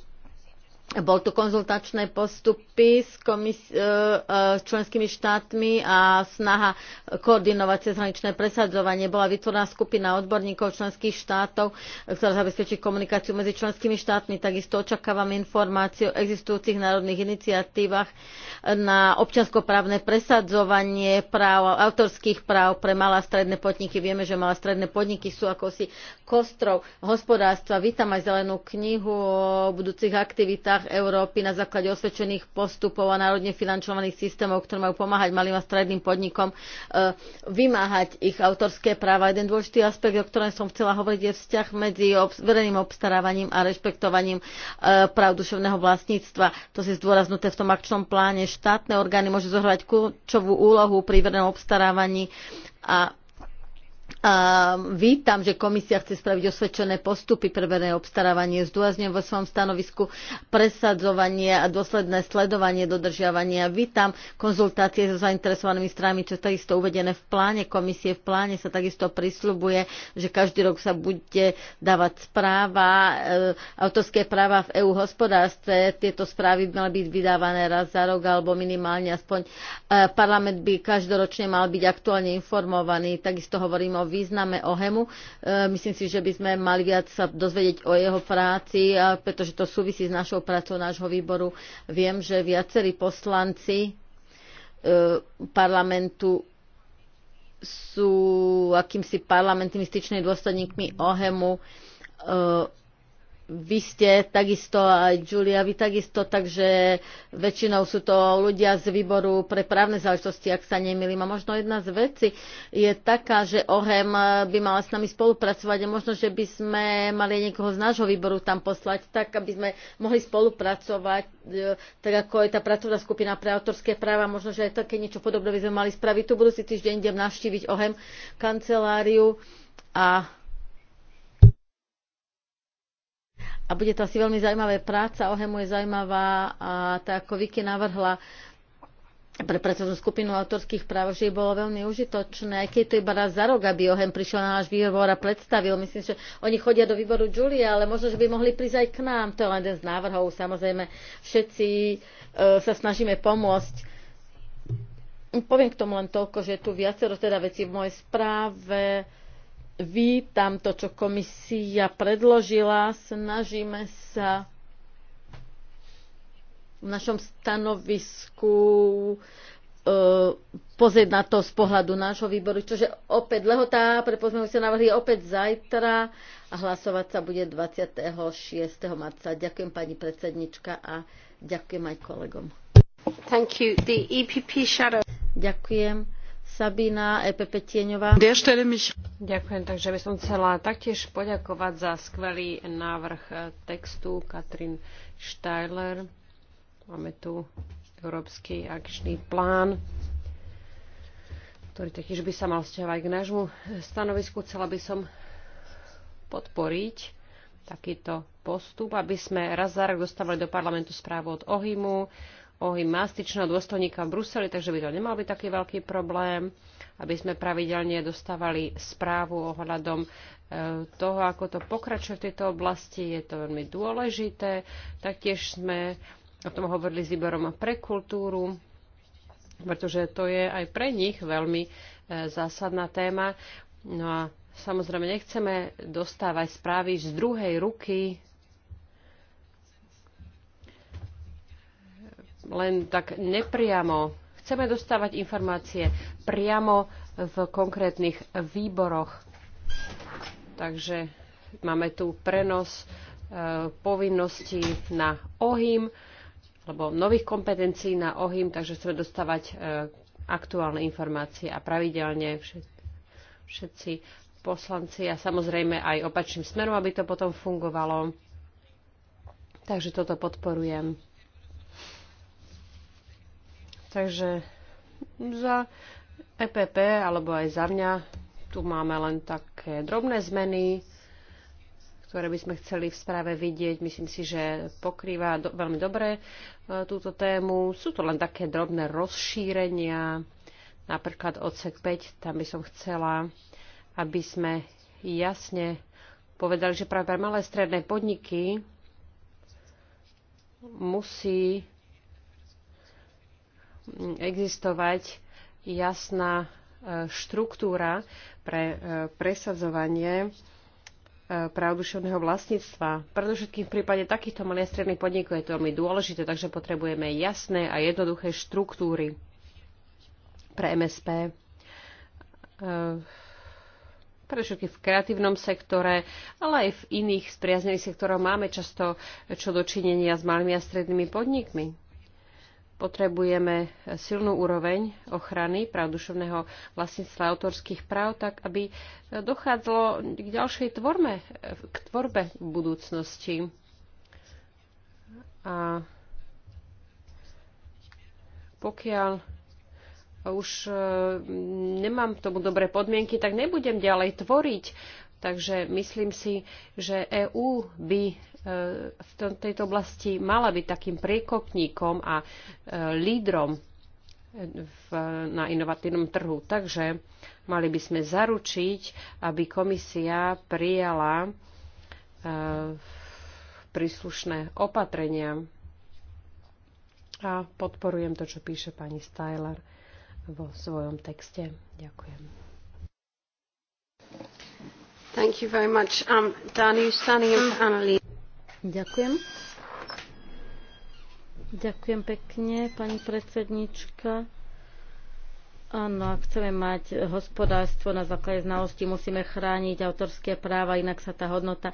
bol tu konzultačné postupy s, komis- e, e, s členskými štátmi a snaha koordinovať cezhraničné presadzovanie. Bola vytvorená skupina odborníkov členských štátov, ktorá zabezpečí komunikáciu medzi členskými štátmi. Takisto očakávame informáciu o existujúcich národných iniciatívach na občanskoprávne presadzovanie práv, autorských práv pre malé a stredné podniky. Vieme, že malé a stredné podniky sú ako si kostrov hospodárstva. Vítam aj zelenú knihu o budúcich aktivitách krajinách Európy na základe osvedčených postupov a národne finančovaných systémov, ktoré majú pomáhať malým a stredným podnikom e, vymáhať ich autorské práva. Jeden dôležitý aspekt, o ktorom som chcela hovoriť, je vzťah medzi verejným obstarávaním a rešpektovaním e, práv duševného vlastníctva. To si zdôraznuté v tom akčnom pláne. Štátne orgány môžu zohrať kľúčovú úlohu pri verejnom obstarávaní a a vítam, že komisia chce spraviť osvedčené postupy pre verejné obstarávanie. Zdôrazňujem vo svojom stanovisku presadzovanie a dôsledné sledovanie dodržiavania. Vítam konzultácie so zainteresovanými stranami, čo je takisto uvedené v pláne komisie. V pláne sa takisto prislubuje, že každý rok sa bude dávať správa, e, autorské práva v EU hospodárstve. Tieto správy by mali byť vydávané raz za rok alebo minimálne aspoň. E, parlament by každoročne mal byť aktuálne informovaný. Takisto hovorím o význame OHEMu. E, myslím si, že by sme mali viac sa dozvedieť o jeho práci, pretože to súvisí s našou prácou nášho výboru. Viem, že viacerí poslanci e, parlamentu sú akýmsi parlamentnými styčnými dôstojníkmi OHEMu e, vy ste takisto, aj Julia, vy takisto, takže väčšinou sú to ľudia z výboru pre právne záležitosti, ak sa nemýlim. A možno jedna z vecí je taká, že OHEM by mala s nami spolupracovať a možno, že by sme mali niekoho z nášho výboru tam poslať, tak aby sme mohli spolupracovať, e, tak ako je tá pracovná skupina pre autorské práva, možno, že aj také niečo podobné by sme mali spraviť. Tu budúci týždeň idem navštíviť OHEM kanceláriu a a bude to asi veľmi zaujímavá práca, OHEMu je zaujímavá a tak ako Vicky navrhla pre pracovnú skupinu autorských práv, že bolo veľmi užitočné, aj keď to iba raz za rok, aby OHEM prišiel na náš výbor a predstavil. Myslím, že oni chodia do výboru Julia, ale možno, že by mohli prísť aj k nám. To je len jeden z návrhov. Samozrejme, všetci e, sa snažíme pomôcť. Poviem k tomu len toľko, že je tu viacero teda vecí v mojej správe vítam to, čo komisia predložila. Snažíme sa v našom stanovisku e, pozrieť na to z pohľadu nášho výboru. Čože opäť lehotá pre pozmeňujúce návrhy opäť zajtra a hlasovať sa bude 26. marca. Ďakujem pani predsednička a ďakujem aj kolegom. Thank you. The EPP shadow. Ďakujem Sabina, EPP Tieňová. Ďakujem, takže by som chcela taktiež poďakovať za skvelý návrh textu Katrin Steiler. Máme tu Európsky akčný plán, ktorý taktiež by sa mal vzťahovať k nášmu stanovisku. Chcela by som podporiť takýto postup, aby sme raz za rok dostávali do parlamentu správu od OHIMu ohy mastičného dôstojníka v Bruseli, takže by to nemal byť taký veľký problém, aby sme pravidelne dostávali správu ohľadom e, toho, ako to pokračuje v tejto oblasti. Je to veľmi dôležité. Taktiež sme o tom hovorili s výborom pre kultúru, pretože to je aj pre nich veľmi e, zásadná téma. No a samozrejme nechceme dostávať správy z druhej ruky len tak nepriamo. Chceme dostávať informácie priamo v konkrétnych výboroch. Takže máme tu prenos e, povinností na OHIM alebo nových kompetencií na OHIM, takže chceme dostávať e, aktuálne informácie a pravidelne všetci, všetci poslanci a samozrejme aj opačným smerom, aby to potom fungovalo. Takže toto podporujem. Takže za EPP alebo aj za mňa tu máme len také drobné zmeny, ktoré by sme chceli v správe vidieť. Myslím si, že pokrýva do, veľmi dobre e, túto tému. Sú to len také drobné rozšírenia, napríklad odsek 5, tam by som chcela, aby sme jasne povedali, že práve malé stredné podniky musí existovať jasná e, štruktúra pre e, presadzovanie e, práv vlastníctva. Predovšetkým v prípade takýchto malých stredných podnikov je to veľmi dôležité, takže potrebujeme jasné a jednoduché štruktúry pre MSP. Predovšetkým v kreatívnom sektore, ale aj v iných spriaznených sektoroch máme často čo dočinenia s malými a strednými podnikmi potrebujeme silnú úroveň ochrany práv duševného vlastníctva autorských práv, tak aby dochádzalo k ďalšej tvorme, k tvorbe v budúcnosti. A pokiaľ už e, nemám tomu dobré podmienky, tak nebudem ďalej tvoriť. Takže myslím si, že EÚ by E, v tejto oblasti mala byť takým priekopníkom a e, lídrom e, na inovatívnom trhu. Takže mali by sme zaručiť, aby komisia prijala príslušné opatrenia. A podporujem to, čo píše pani Styler vo svojom texte. Ďakujem. Thank you very much. Um, Danu, Sani and Annalise. Ďakujem. Ďakujem pekne, pani predsednička. Áno, ak chceme mať hospodárstvo na základe znalosti, musíme chrániť autorské práva, inak sa tá hodnota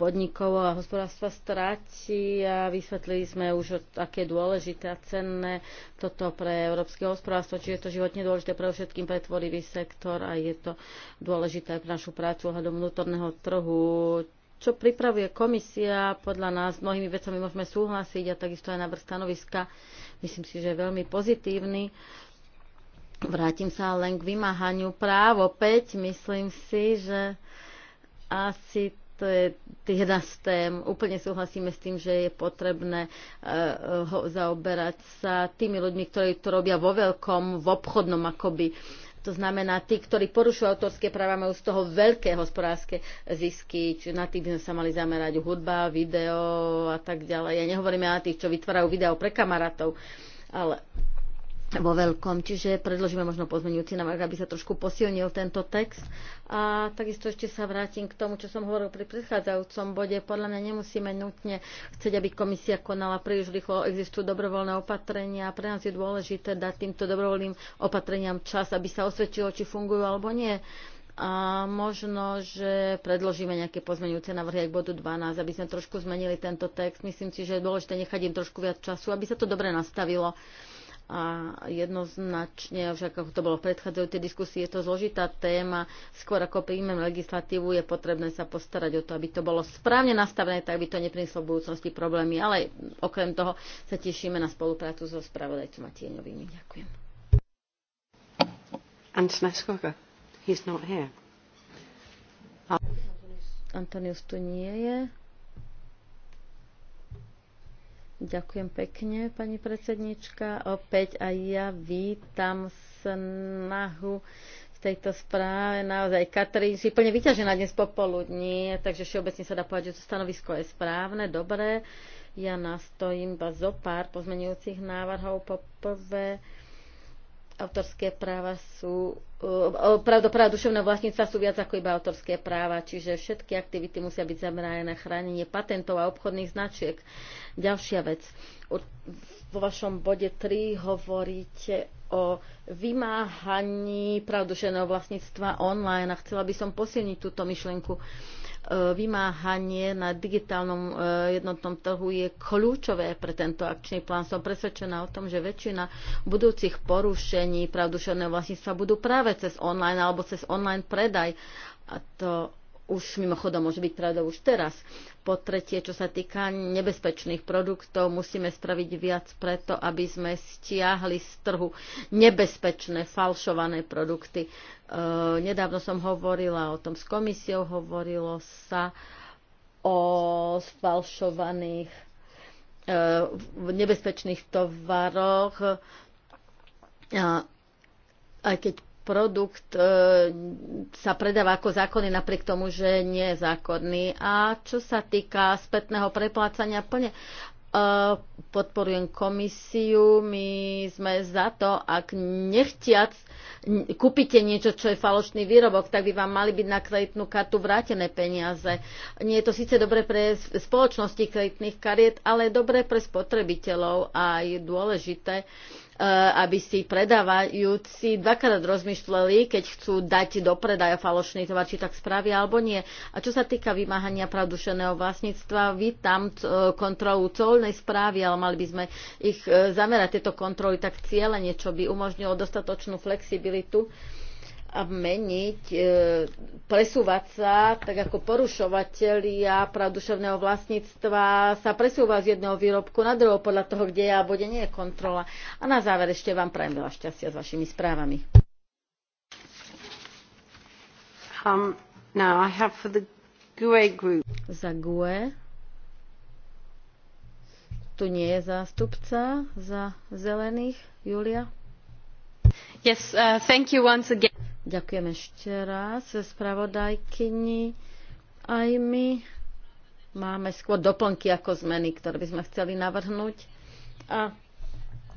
podnikov a hospodárstva stráti. A vysvetlili sme už, aké je dôležité a cenné toto pre európske hospodárstvo, čiže je to životne dôležité pre všetkým pretvorivý sektor a je to dôležité aj pre našu prácu ohľadom vnútorného trhu, čo pripravuje komisia, podľa nás mnohými vecami môžeme súhlasiť a takisto aj návrh stanoviska, myslím si, že je veľmi pozitívny. Vrátim sa len k vymáhaniu práv opäť. Myslím si, že asi to je jedna z tém. Úplne súhlasíme s tým, že je potrebné e, ho zaoberať sa tými ľuďmi, ktorí to robia vo veľkom, v obchodnom akoby to znamená, tí, ktorí porušujú autorské práva, majú z toho veľké hospodárske zisky, či na tých by sme sa mali zamerať hudba, video a tak ďalej. Ja nehovorím ja na tých, čo vytvárajú video pre kamarátov, ale vo veľkom, čiže predložíme možno pozmeňujúci návrh, aby sa trošku posilnil tento text. A takisto ešte sa vrátim k tomu, čo som hovoril pri predchádzajúcom bode. Podľa mňa nemusíme nutne chcieť, aby komisia konala príliš rýchlo. Existujú dobrovoľné opatrenia a pre nás je dôležité dať týmto dobrovoľným opatreniam čas, aby sa osvedčilo, či fungujú alebo nie a možno, že predložíme nejaké pozmeňujúce návrhy k bodu 12, aby sme trošku zmenili tento text. Myslím si, že je dôležité nechať im trošku viac času, aby sa to dobre nastavilo a jednoznačne, už ako to bolo v predchádzajúcej diskusii, je to zložitá téma. Skôr ako príjmem legislatívu, je potrebné sa postarať o to, aby to bolo správne nastavené, tak by to neprineslo v budúcnosti problémy. Ale okrem toho sa tešíme na spoluprácu so spravodajcom a tieňovými. Ďakujem. Antonius tu nie je. Ďakujem pekne, pani predsednička. Opäť aj ja vítam snahu v tejto správe. Naozaj, Katrin, si plne vyťažená dnes popoludní, takže všeobecne sa dá povedať, že to stanovisko je správne, dobré. Ja nastojím iba zo pár pozmenujúcich návrhov. Poprvé, prvé autorské práva sú, eh, práva duševného vlastníca sú viac ako iba autorské práva, čiže všetky aktivity musia byť zamerané na chránenie patentov a obchodných značiek. Ďalšia vec. Vo vašom bode 3 hovoríte o vymáhaní práv duševného vlastníctva online a chcela by som posilniť túto Uh, E, vymáhanie na digitálnom e, jednotnom trhu je kľúčové pre tento akčný plán. Som presvedčená o tom, že väčšina budúcich porušení práv duševného vlastníctva budú práve cez online alebo cez online predaj. A to už mimochodom môže byť pravdou už teraz. Po tretie, čo sa týka nebezpečných produktov, musíme spraviť viac preto, aby sme stiahli z trhu nebezpečné, falšované produkty. E, nedávno som hovorila o tom s komisiou, hovorilo sa o falšovaných e, nebezpečných tovaroch. E, aj keď produkt e, sa predáva ako zákonný napriek tomu, že nie je zákonný. A čo sa týka spätného preplácania, plne e, podporujem komisiu, my sme za to, ak nechtiac kúpite niečo, čo je falošný výrobok, tak by vám mali byť na kreditnú kartu vrátené peniaze. Nie je to síce dobre pre spoločnosti kreditných kariet, ale dobre pre spotrebiteľov a je dôležité, Eh, aby si predávajúci dvakrát rozmýšľali, keď chcú dať do predaja falošný tovar, či tak spravia alebo nie. A čo sa týka vymáhania pravdušeného vlastníctva, vy tam eh, kontrolu colnej správy, ale mali by sme ich eh, zamerať tieto kontroly tak cieľene, čo by umožnilo dostatočnú flexibilitu a meniť, e, presúvať sa, tak ako porušovatelia práv duševného vlastníctva sa presúva z jedného výrobku na druhého podľa toho, kde ja bude, nie je kontrola. A na záver ešte vám prajem veľa šťastia s vašimi správami. Um, now I have for the GUE group. Za GUE. Tu nie je zástupca za zelených. Julia. Yes, uh, thank you once again. Ďakujem ešte raz spravodajkyni. Aj my máme skôr doplnky ako zmeny, ktoré by sme chceli navrhnúť. A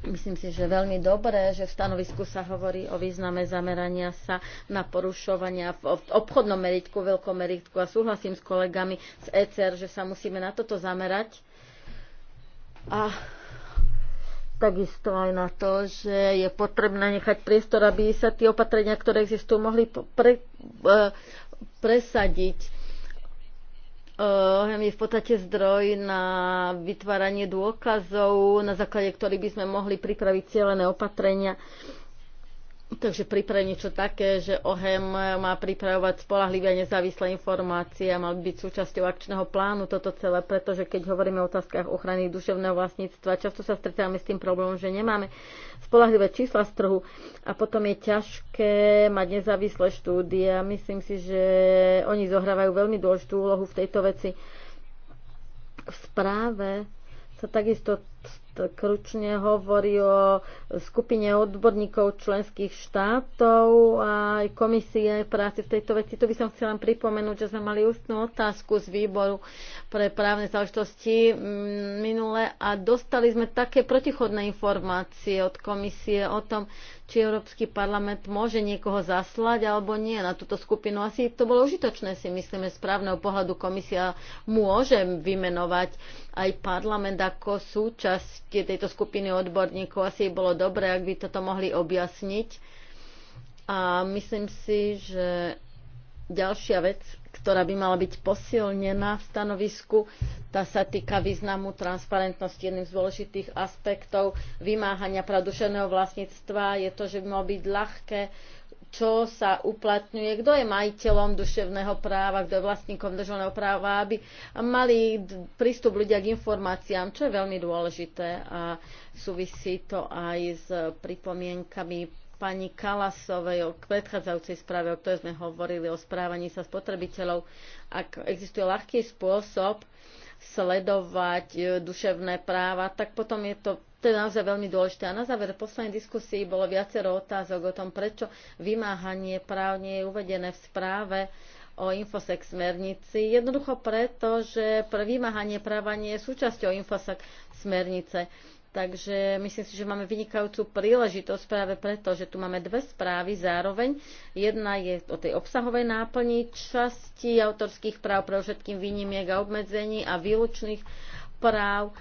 myslím si, že veľmi dobré, že v stanovisku sa hovorí o význame zamerania sa na porušovania v obchodnom meritku, veľkom meritku. A súhlasím s kolegami z ECR, že sa musíme na toto zamerať. A takisto aj na to, že je potrebné nechať priestor, aby sa tie opatrenia, ktoré existujú, mohli pre, e, presadiť. Uh, je v podstate zdroj na vytváranie dôkazov, na základe ktorých by sme mohli pripraviť cieľené opatrenia Takže pripraviť niečo také, že OHEM má pripravovať spolahlivé a nezávislé informácie a mal byť súčasťou akčného plánu toto celé, pretože keď hovoríme o otázkach ochrany duševného vlastníctva, často sa stretávame s tým problémom, že nemáme spolahlivé čísla z trhu a potom je ťažké mať nezávislé štúdie a myslím si, že oni zohrávajú veľmi dôležitú úlohu v tejto veci. V správe sa takisto kručne hovorí o skupine odborníkov členských štátov a aj komisie práce v tejto veci. Tu by som chcela pripomenúť, že sme mali ústnú otázku z výboru pre právne záležitosti mm, minule a dostali sme také protichodné informácie od komisie o tom, či Európsky parlament môže niekoho zaslať alebo nie na túto skupinu. Asi to bolo užitočné, si myslíme, z právneho pohľadu komisia môže vymenovať aj parlament ako súčasť účasti tejto skupiny odborníkov. Asi bolo dobré, ak by toto mohli objasniť. A myslím si, že ďalšia vec, ktorá by mala byť posilnená v stanovisku, tá sa týka významu transparentnosti. Jedným z dôležitých aspektov vymáhania pradušeného vlastníctva je to, že by malo byť ľahké čo sa uplatňuje, kto je majiteľom duševného práva, kto je vlastníkom duševného práva, aby mali prístup ľudia k informáciám, čo je veľmi dôležité a súvisí to aj s pripomienkami pani Kalasovej o predchádzajúcej správe, o ktorej sme hovorili, o správaní sa spotrebiteľov. Ak existuje ľahký spôsob, sledovať e, duševné práva, tak potom je to to je naozaj veľmi dôležité. A na záver poslednej diskusii bolo viacero otázok o tom, prečo vymáhanie práv nie je uvedené v správe o infosex smernici. Jednoducho preto, že pre vymáhanie práva nie je súčasťou infosex smernice. Takže myslím si, že máme vynikajúcu príležitosť práve preto, že tu máme dve správy zároveň. Jedna je o tej obsahovej náplni časti autorských práv pre všetkým výnimiek a obmedzení a výlučných práv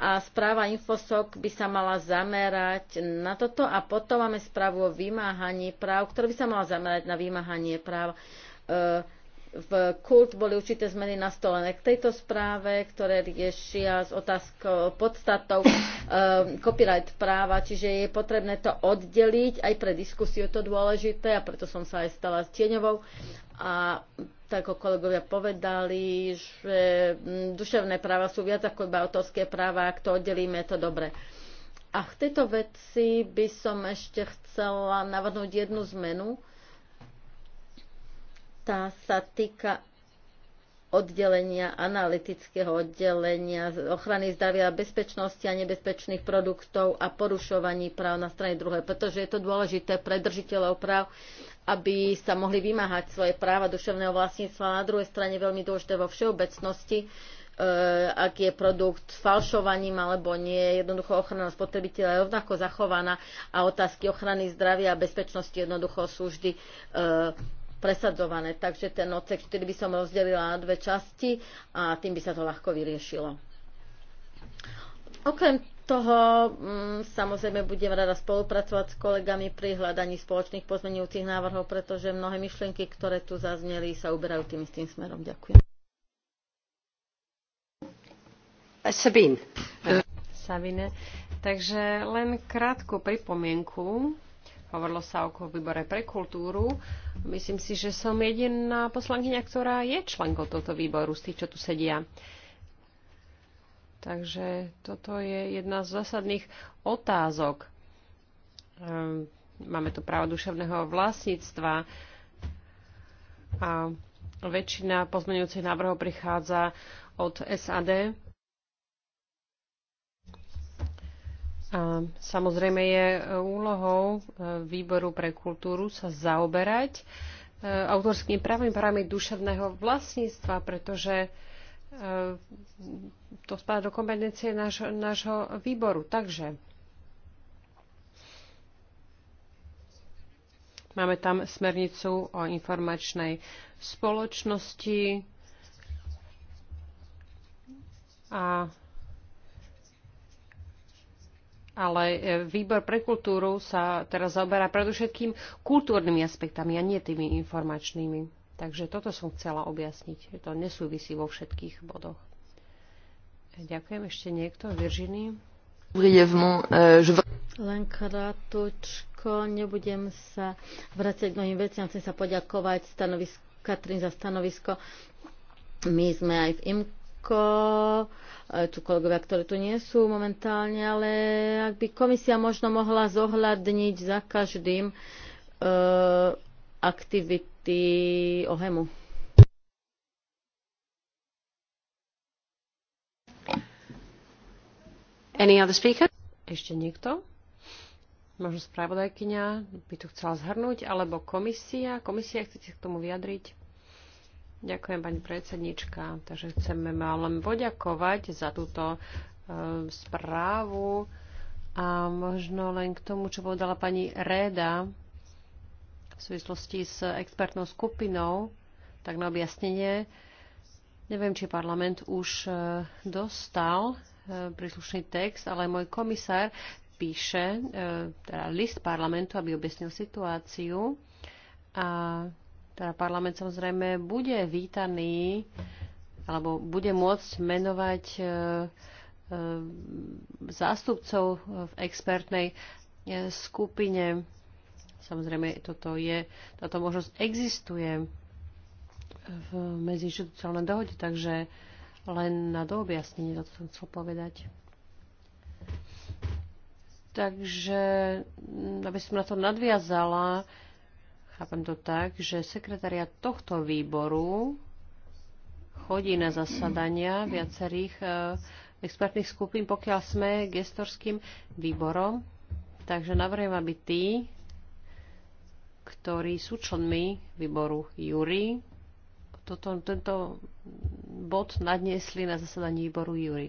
a správa Infosok by sa mala zamerať na toto a potom máme správu o vymáhaní práv, ktorá by sa mala zamerať na vymáhanie práv. E, v kult boli určité zmeny nastolené k tejto správe, ktoré riešia s otázkou podstatou e, copyright práva, čiže je potrebné to oddeliť, aj pre diskusiu je to dôležité a preto som sa aj stala s tieňovou a tak ako kolegovia povedali, že mm, duševné práva sú viac ako iba autorské práva, ak to oddelíme, je to dobre. A v tejto veci by som ešte chcela navrhnúť jednu zmenu. Tá sa týka oddelenia, analytického oddelenia ochrany zdravia a bezpečnosti a nebezpečných produktov a porušovaní práv na strane druhej, pretože je to dôležité pre držiteľov práv, aby sa mohli vymáhať svoje práva duševného vlastníctva. Na druhej strane veľmi dôležité vo všeobecnosti, e, ak je produkt s falšovaním alebo nie, jednoducho ochrana spotrebiteľa je rovnako zachovaná a otázky ochrany zdravia a bezpečnosti jednoducho sú vždy e, presadzované. Takže ten odsek 4 by som rozdelila na dve časti a tým by sa to ľahko vyriešilo. Okrem toho mm, samozrejme budem rada spolupracovať s kolegami pri hľadaní spoločných pozmenujúcich návrhov, pretože mnohé myšlienky, ktoré tu zazneli, sa uberajú tým istým smerom. Ďakujem. Sabine. Sabine. Takže len krátku pripomienku Hovorilo sa o výbore pre kultúru. Myslím si, že som jediná poslankyňa, ktorá je členkou tohto výboru z tých, čo tu sedia. Takže toto je jedna z zásadných otázok. Ehm, máme tu právo duševného vlastníctva a väčšina pozmenujúcich návrhov prichádza od SAD A samozrejme je e, úlohou e, Výboru pre kultúru sa zaoberať e, autorským právami, právami duševného vlastníctva, pretože to spadá do kompetencie nášho výboru. Takže máme tam smernicu o informačnej spoločnosti a ale e, výbor pre kultúru sa teraz zaoberá predovšetkým kultúrnymi aspektami a nie tými informačnými. Takže toto som chcela objasniť. To nesúvisí vo všetkých bodoch. E, ďakujem ešte niekto. Virginie? E, Len krátko, nebudem sa vrácať k mnohým veciam. Chcem sa poďakovať stanovisko, Katrin za stanovisko. My sme aj v IMK Rusko, e, tu kolegovia, ktorí tu nie sú momentálne, ale ak by komisia možno mohla zohľadniť za každým e, aktivity OHEMu. Any other speaker? Ešte niekto? Možno spravodajkynia by tu chcela zhrnúť, alebo komisia. Komisia, chcete k tomu vyjadriť? Ďakujem, pani predsednička. Takže chceme vám len poďakovať za túto e, správu a možno len k tomu, čo povedala pani Réda v súvislosti s expertnou skupinou, tak na objasnenie. Neviem, či parlament už e, dostal e, príslušný text, ale môj komisár píše teda list parlamentu, aby objasnil situáciu. A teda parlament samozrejme bude vítaný alebo bude môcť menovať e, e, zástupcov v expertnej e, skupine. Samozrejme, toto je, táto možnosť existuje v medziinstitucionálnej dohode, takže len na doobjasnenie to som chcel povedať. Takže, mm, aby som na to nadviazala, chápem to tak, že sekretariat tohto výboru chodí na zasadania viacerých e, expertných skupín, pokiaľ sme gestorským výborom. Takže navrhujem, aby tí, ktorí sú členmi výboru Júri, toto, tento bod nadniesli na zasadanie výboru Júri.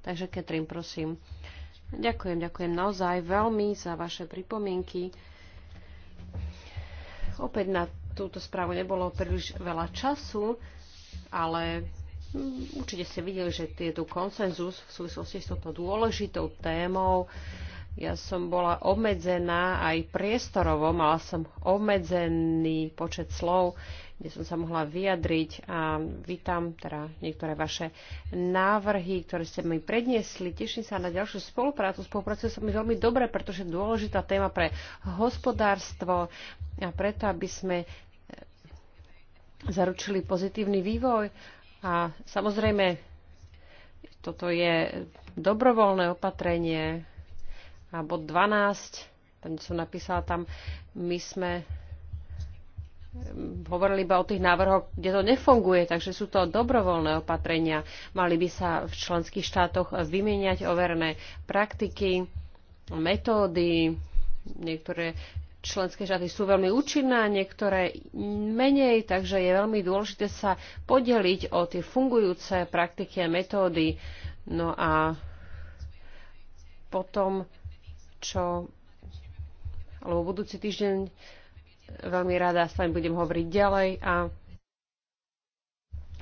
Takže Katrin, prosím. Ďakujem, ďakujem naozaj veľmi za vaše pripomienky. Opäť na túto správu nebolo príliš veľa času, ale hm, určite ste videli, že je tu konsenzus v súvislosti s touto dôležitou témou. Ja som bola obmedzená aj priestorovo, mala som obmedzený počet slov kde som sa mohla vyjadriť a vítam teda niektoré vaše návrhy, ktoré ste mi predniesli. Teším sa na ďalšiu spoluprácu. Spolupracuje sa mi veľmi dobre, pretože je dôležitá téma pre hospodárstvo a preto, aby sme e, zaručili pozitívny vývoj. A samozrejme, toto je dobrovoľné opatrenie a bod 12, tam som napísala tam, my sme hovorili iba o tých návrhoch, kde to nefunguje, takže sú to dobrovoľné opatrenia. Mali by sa v členských štátoch vymieňať overené praktiky, metódy. Niektoré členské štáty sú veľmi účinné, niektoré menej, takže je veľmi dôležité sa podeliť o tie fungujúce praktiky a metódy. No a potom, čo alebo budúci týždeň Veľmi rada s vami budem hovoriť ďalej a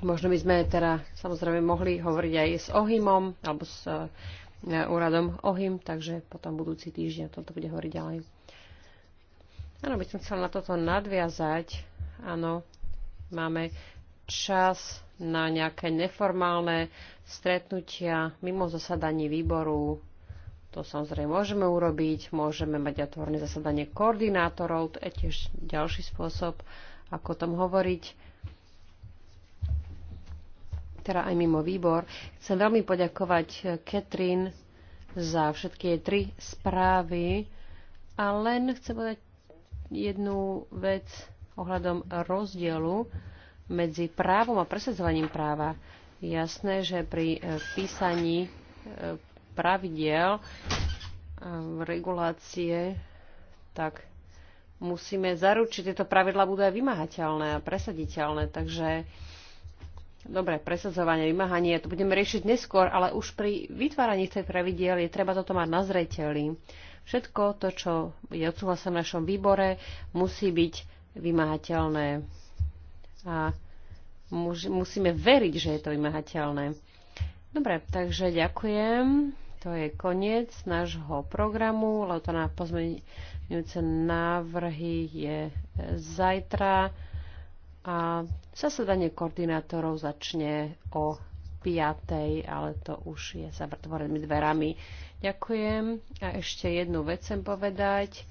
možno by sme teda samozrejme mohli hovoriť aj s Ohymom alebo s e, úradom OHIM, takže potom budúci týždeň toto bude hovoriť ďalej. Áno, by som chcela na toto nadviazať. Áno, máme čas na nejaké neformálne stretnutia mimo zasadaní výboru to samozrejme môžeme urobiť, môžeme mať otvorené zasadanie koordinátorov, to je tiež ďalší spôsob, ako o tom hovoriť teda aj mimo výbor. Chcem veľmi poďakovať Katrin za všetky jej tri správy a len chcem povedať jednu vec ohľadom rozdielu medzi právom a presadzovaním práva. Jasné, že pri písaní pravidiel eh, regulácie, tak musíme zaručiť, tieto pravidla budú aj vymahateľné a presaditeľné. Takže dobre, presadzovanie, vymáhanie, to budeme riešiť neskôr, ale už pri vytváraní tej pravidiel je treba toto mať na zreteli. Všetko to, čo je odsúhlasené v našom výbore, musí byť vymáhateľné. A musíme veriť, že je to vymáhateľné. Dobre, takže ďakujem. To je koniec nášho programu. To na pozmeňujúce návrhy je e, zajtra a zasadanie koordinátorov začne o 5. ale to už je za vrtvorenými dverami. Ďakujem. A ešte jednu vec chcem povedať.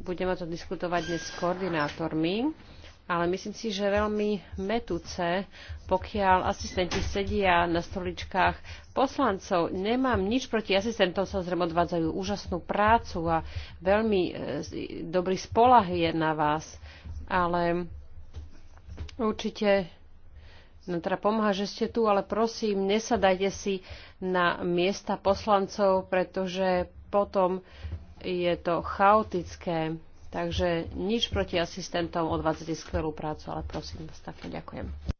Budeme to diskutovať dnes s koordinátormi ale myslím si, že veľmi metúce, pokiaľ asistenti sedia na stoličkách poslancov. Nemám nič proti asistentom, sa zrejme odvádzajú úžasnú prácu a veľmi e, dobrý spolah je na vás, ale určite No teda pomáha, že ste tu, ale prosím, nesadajte si na miesta poslancov, pretože potom je to chaotické. Takže nič proti asistentom, odvádzate skvelú prácu, ale prosím vás takto. Ďakujem.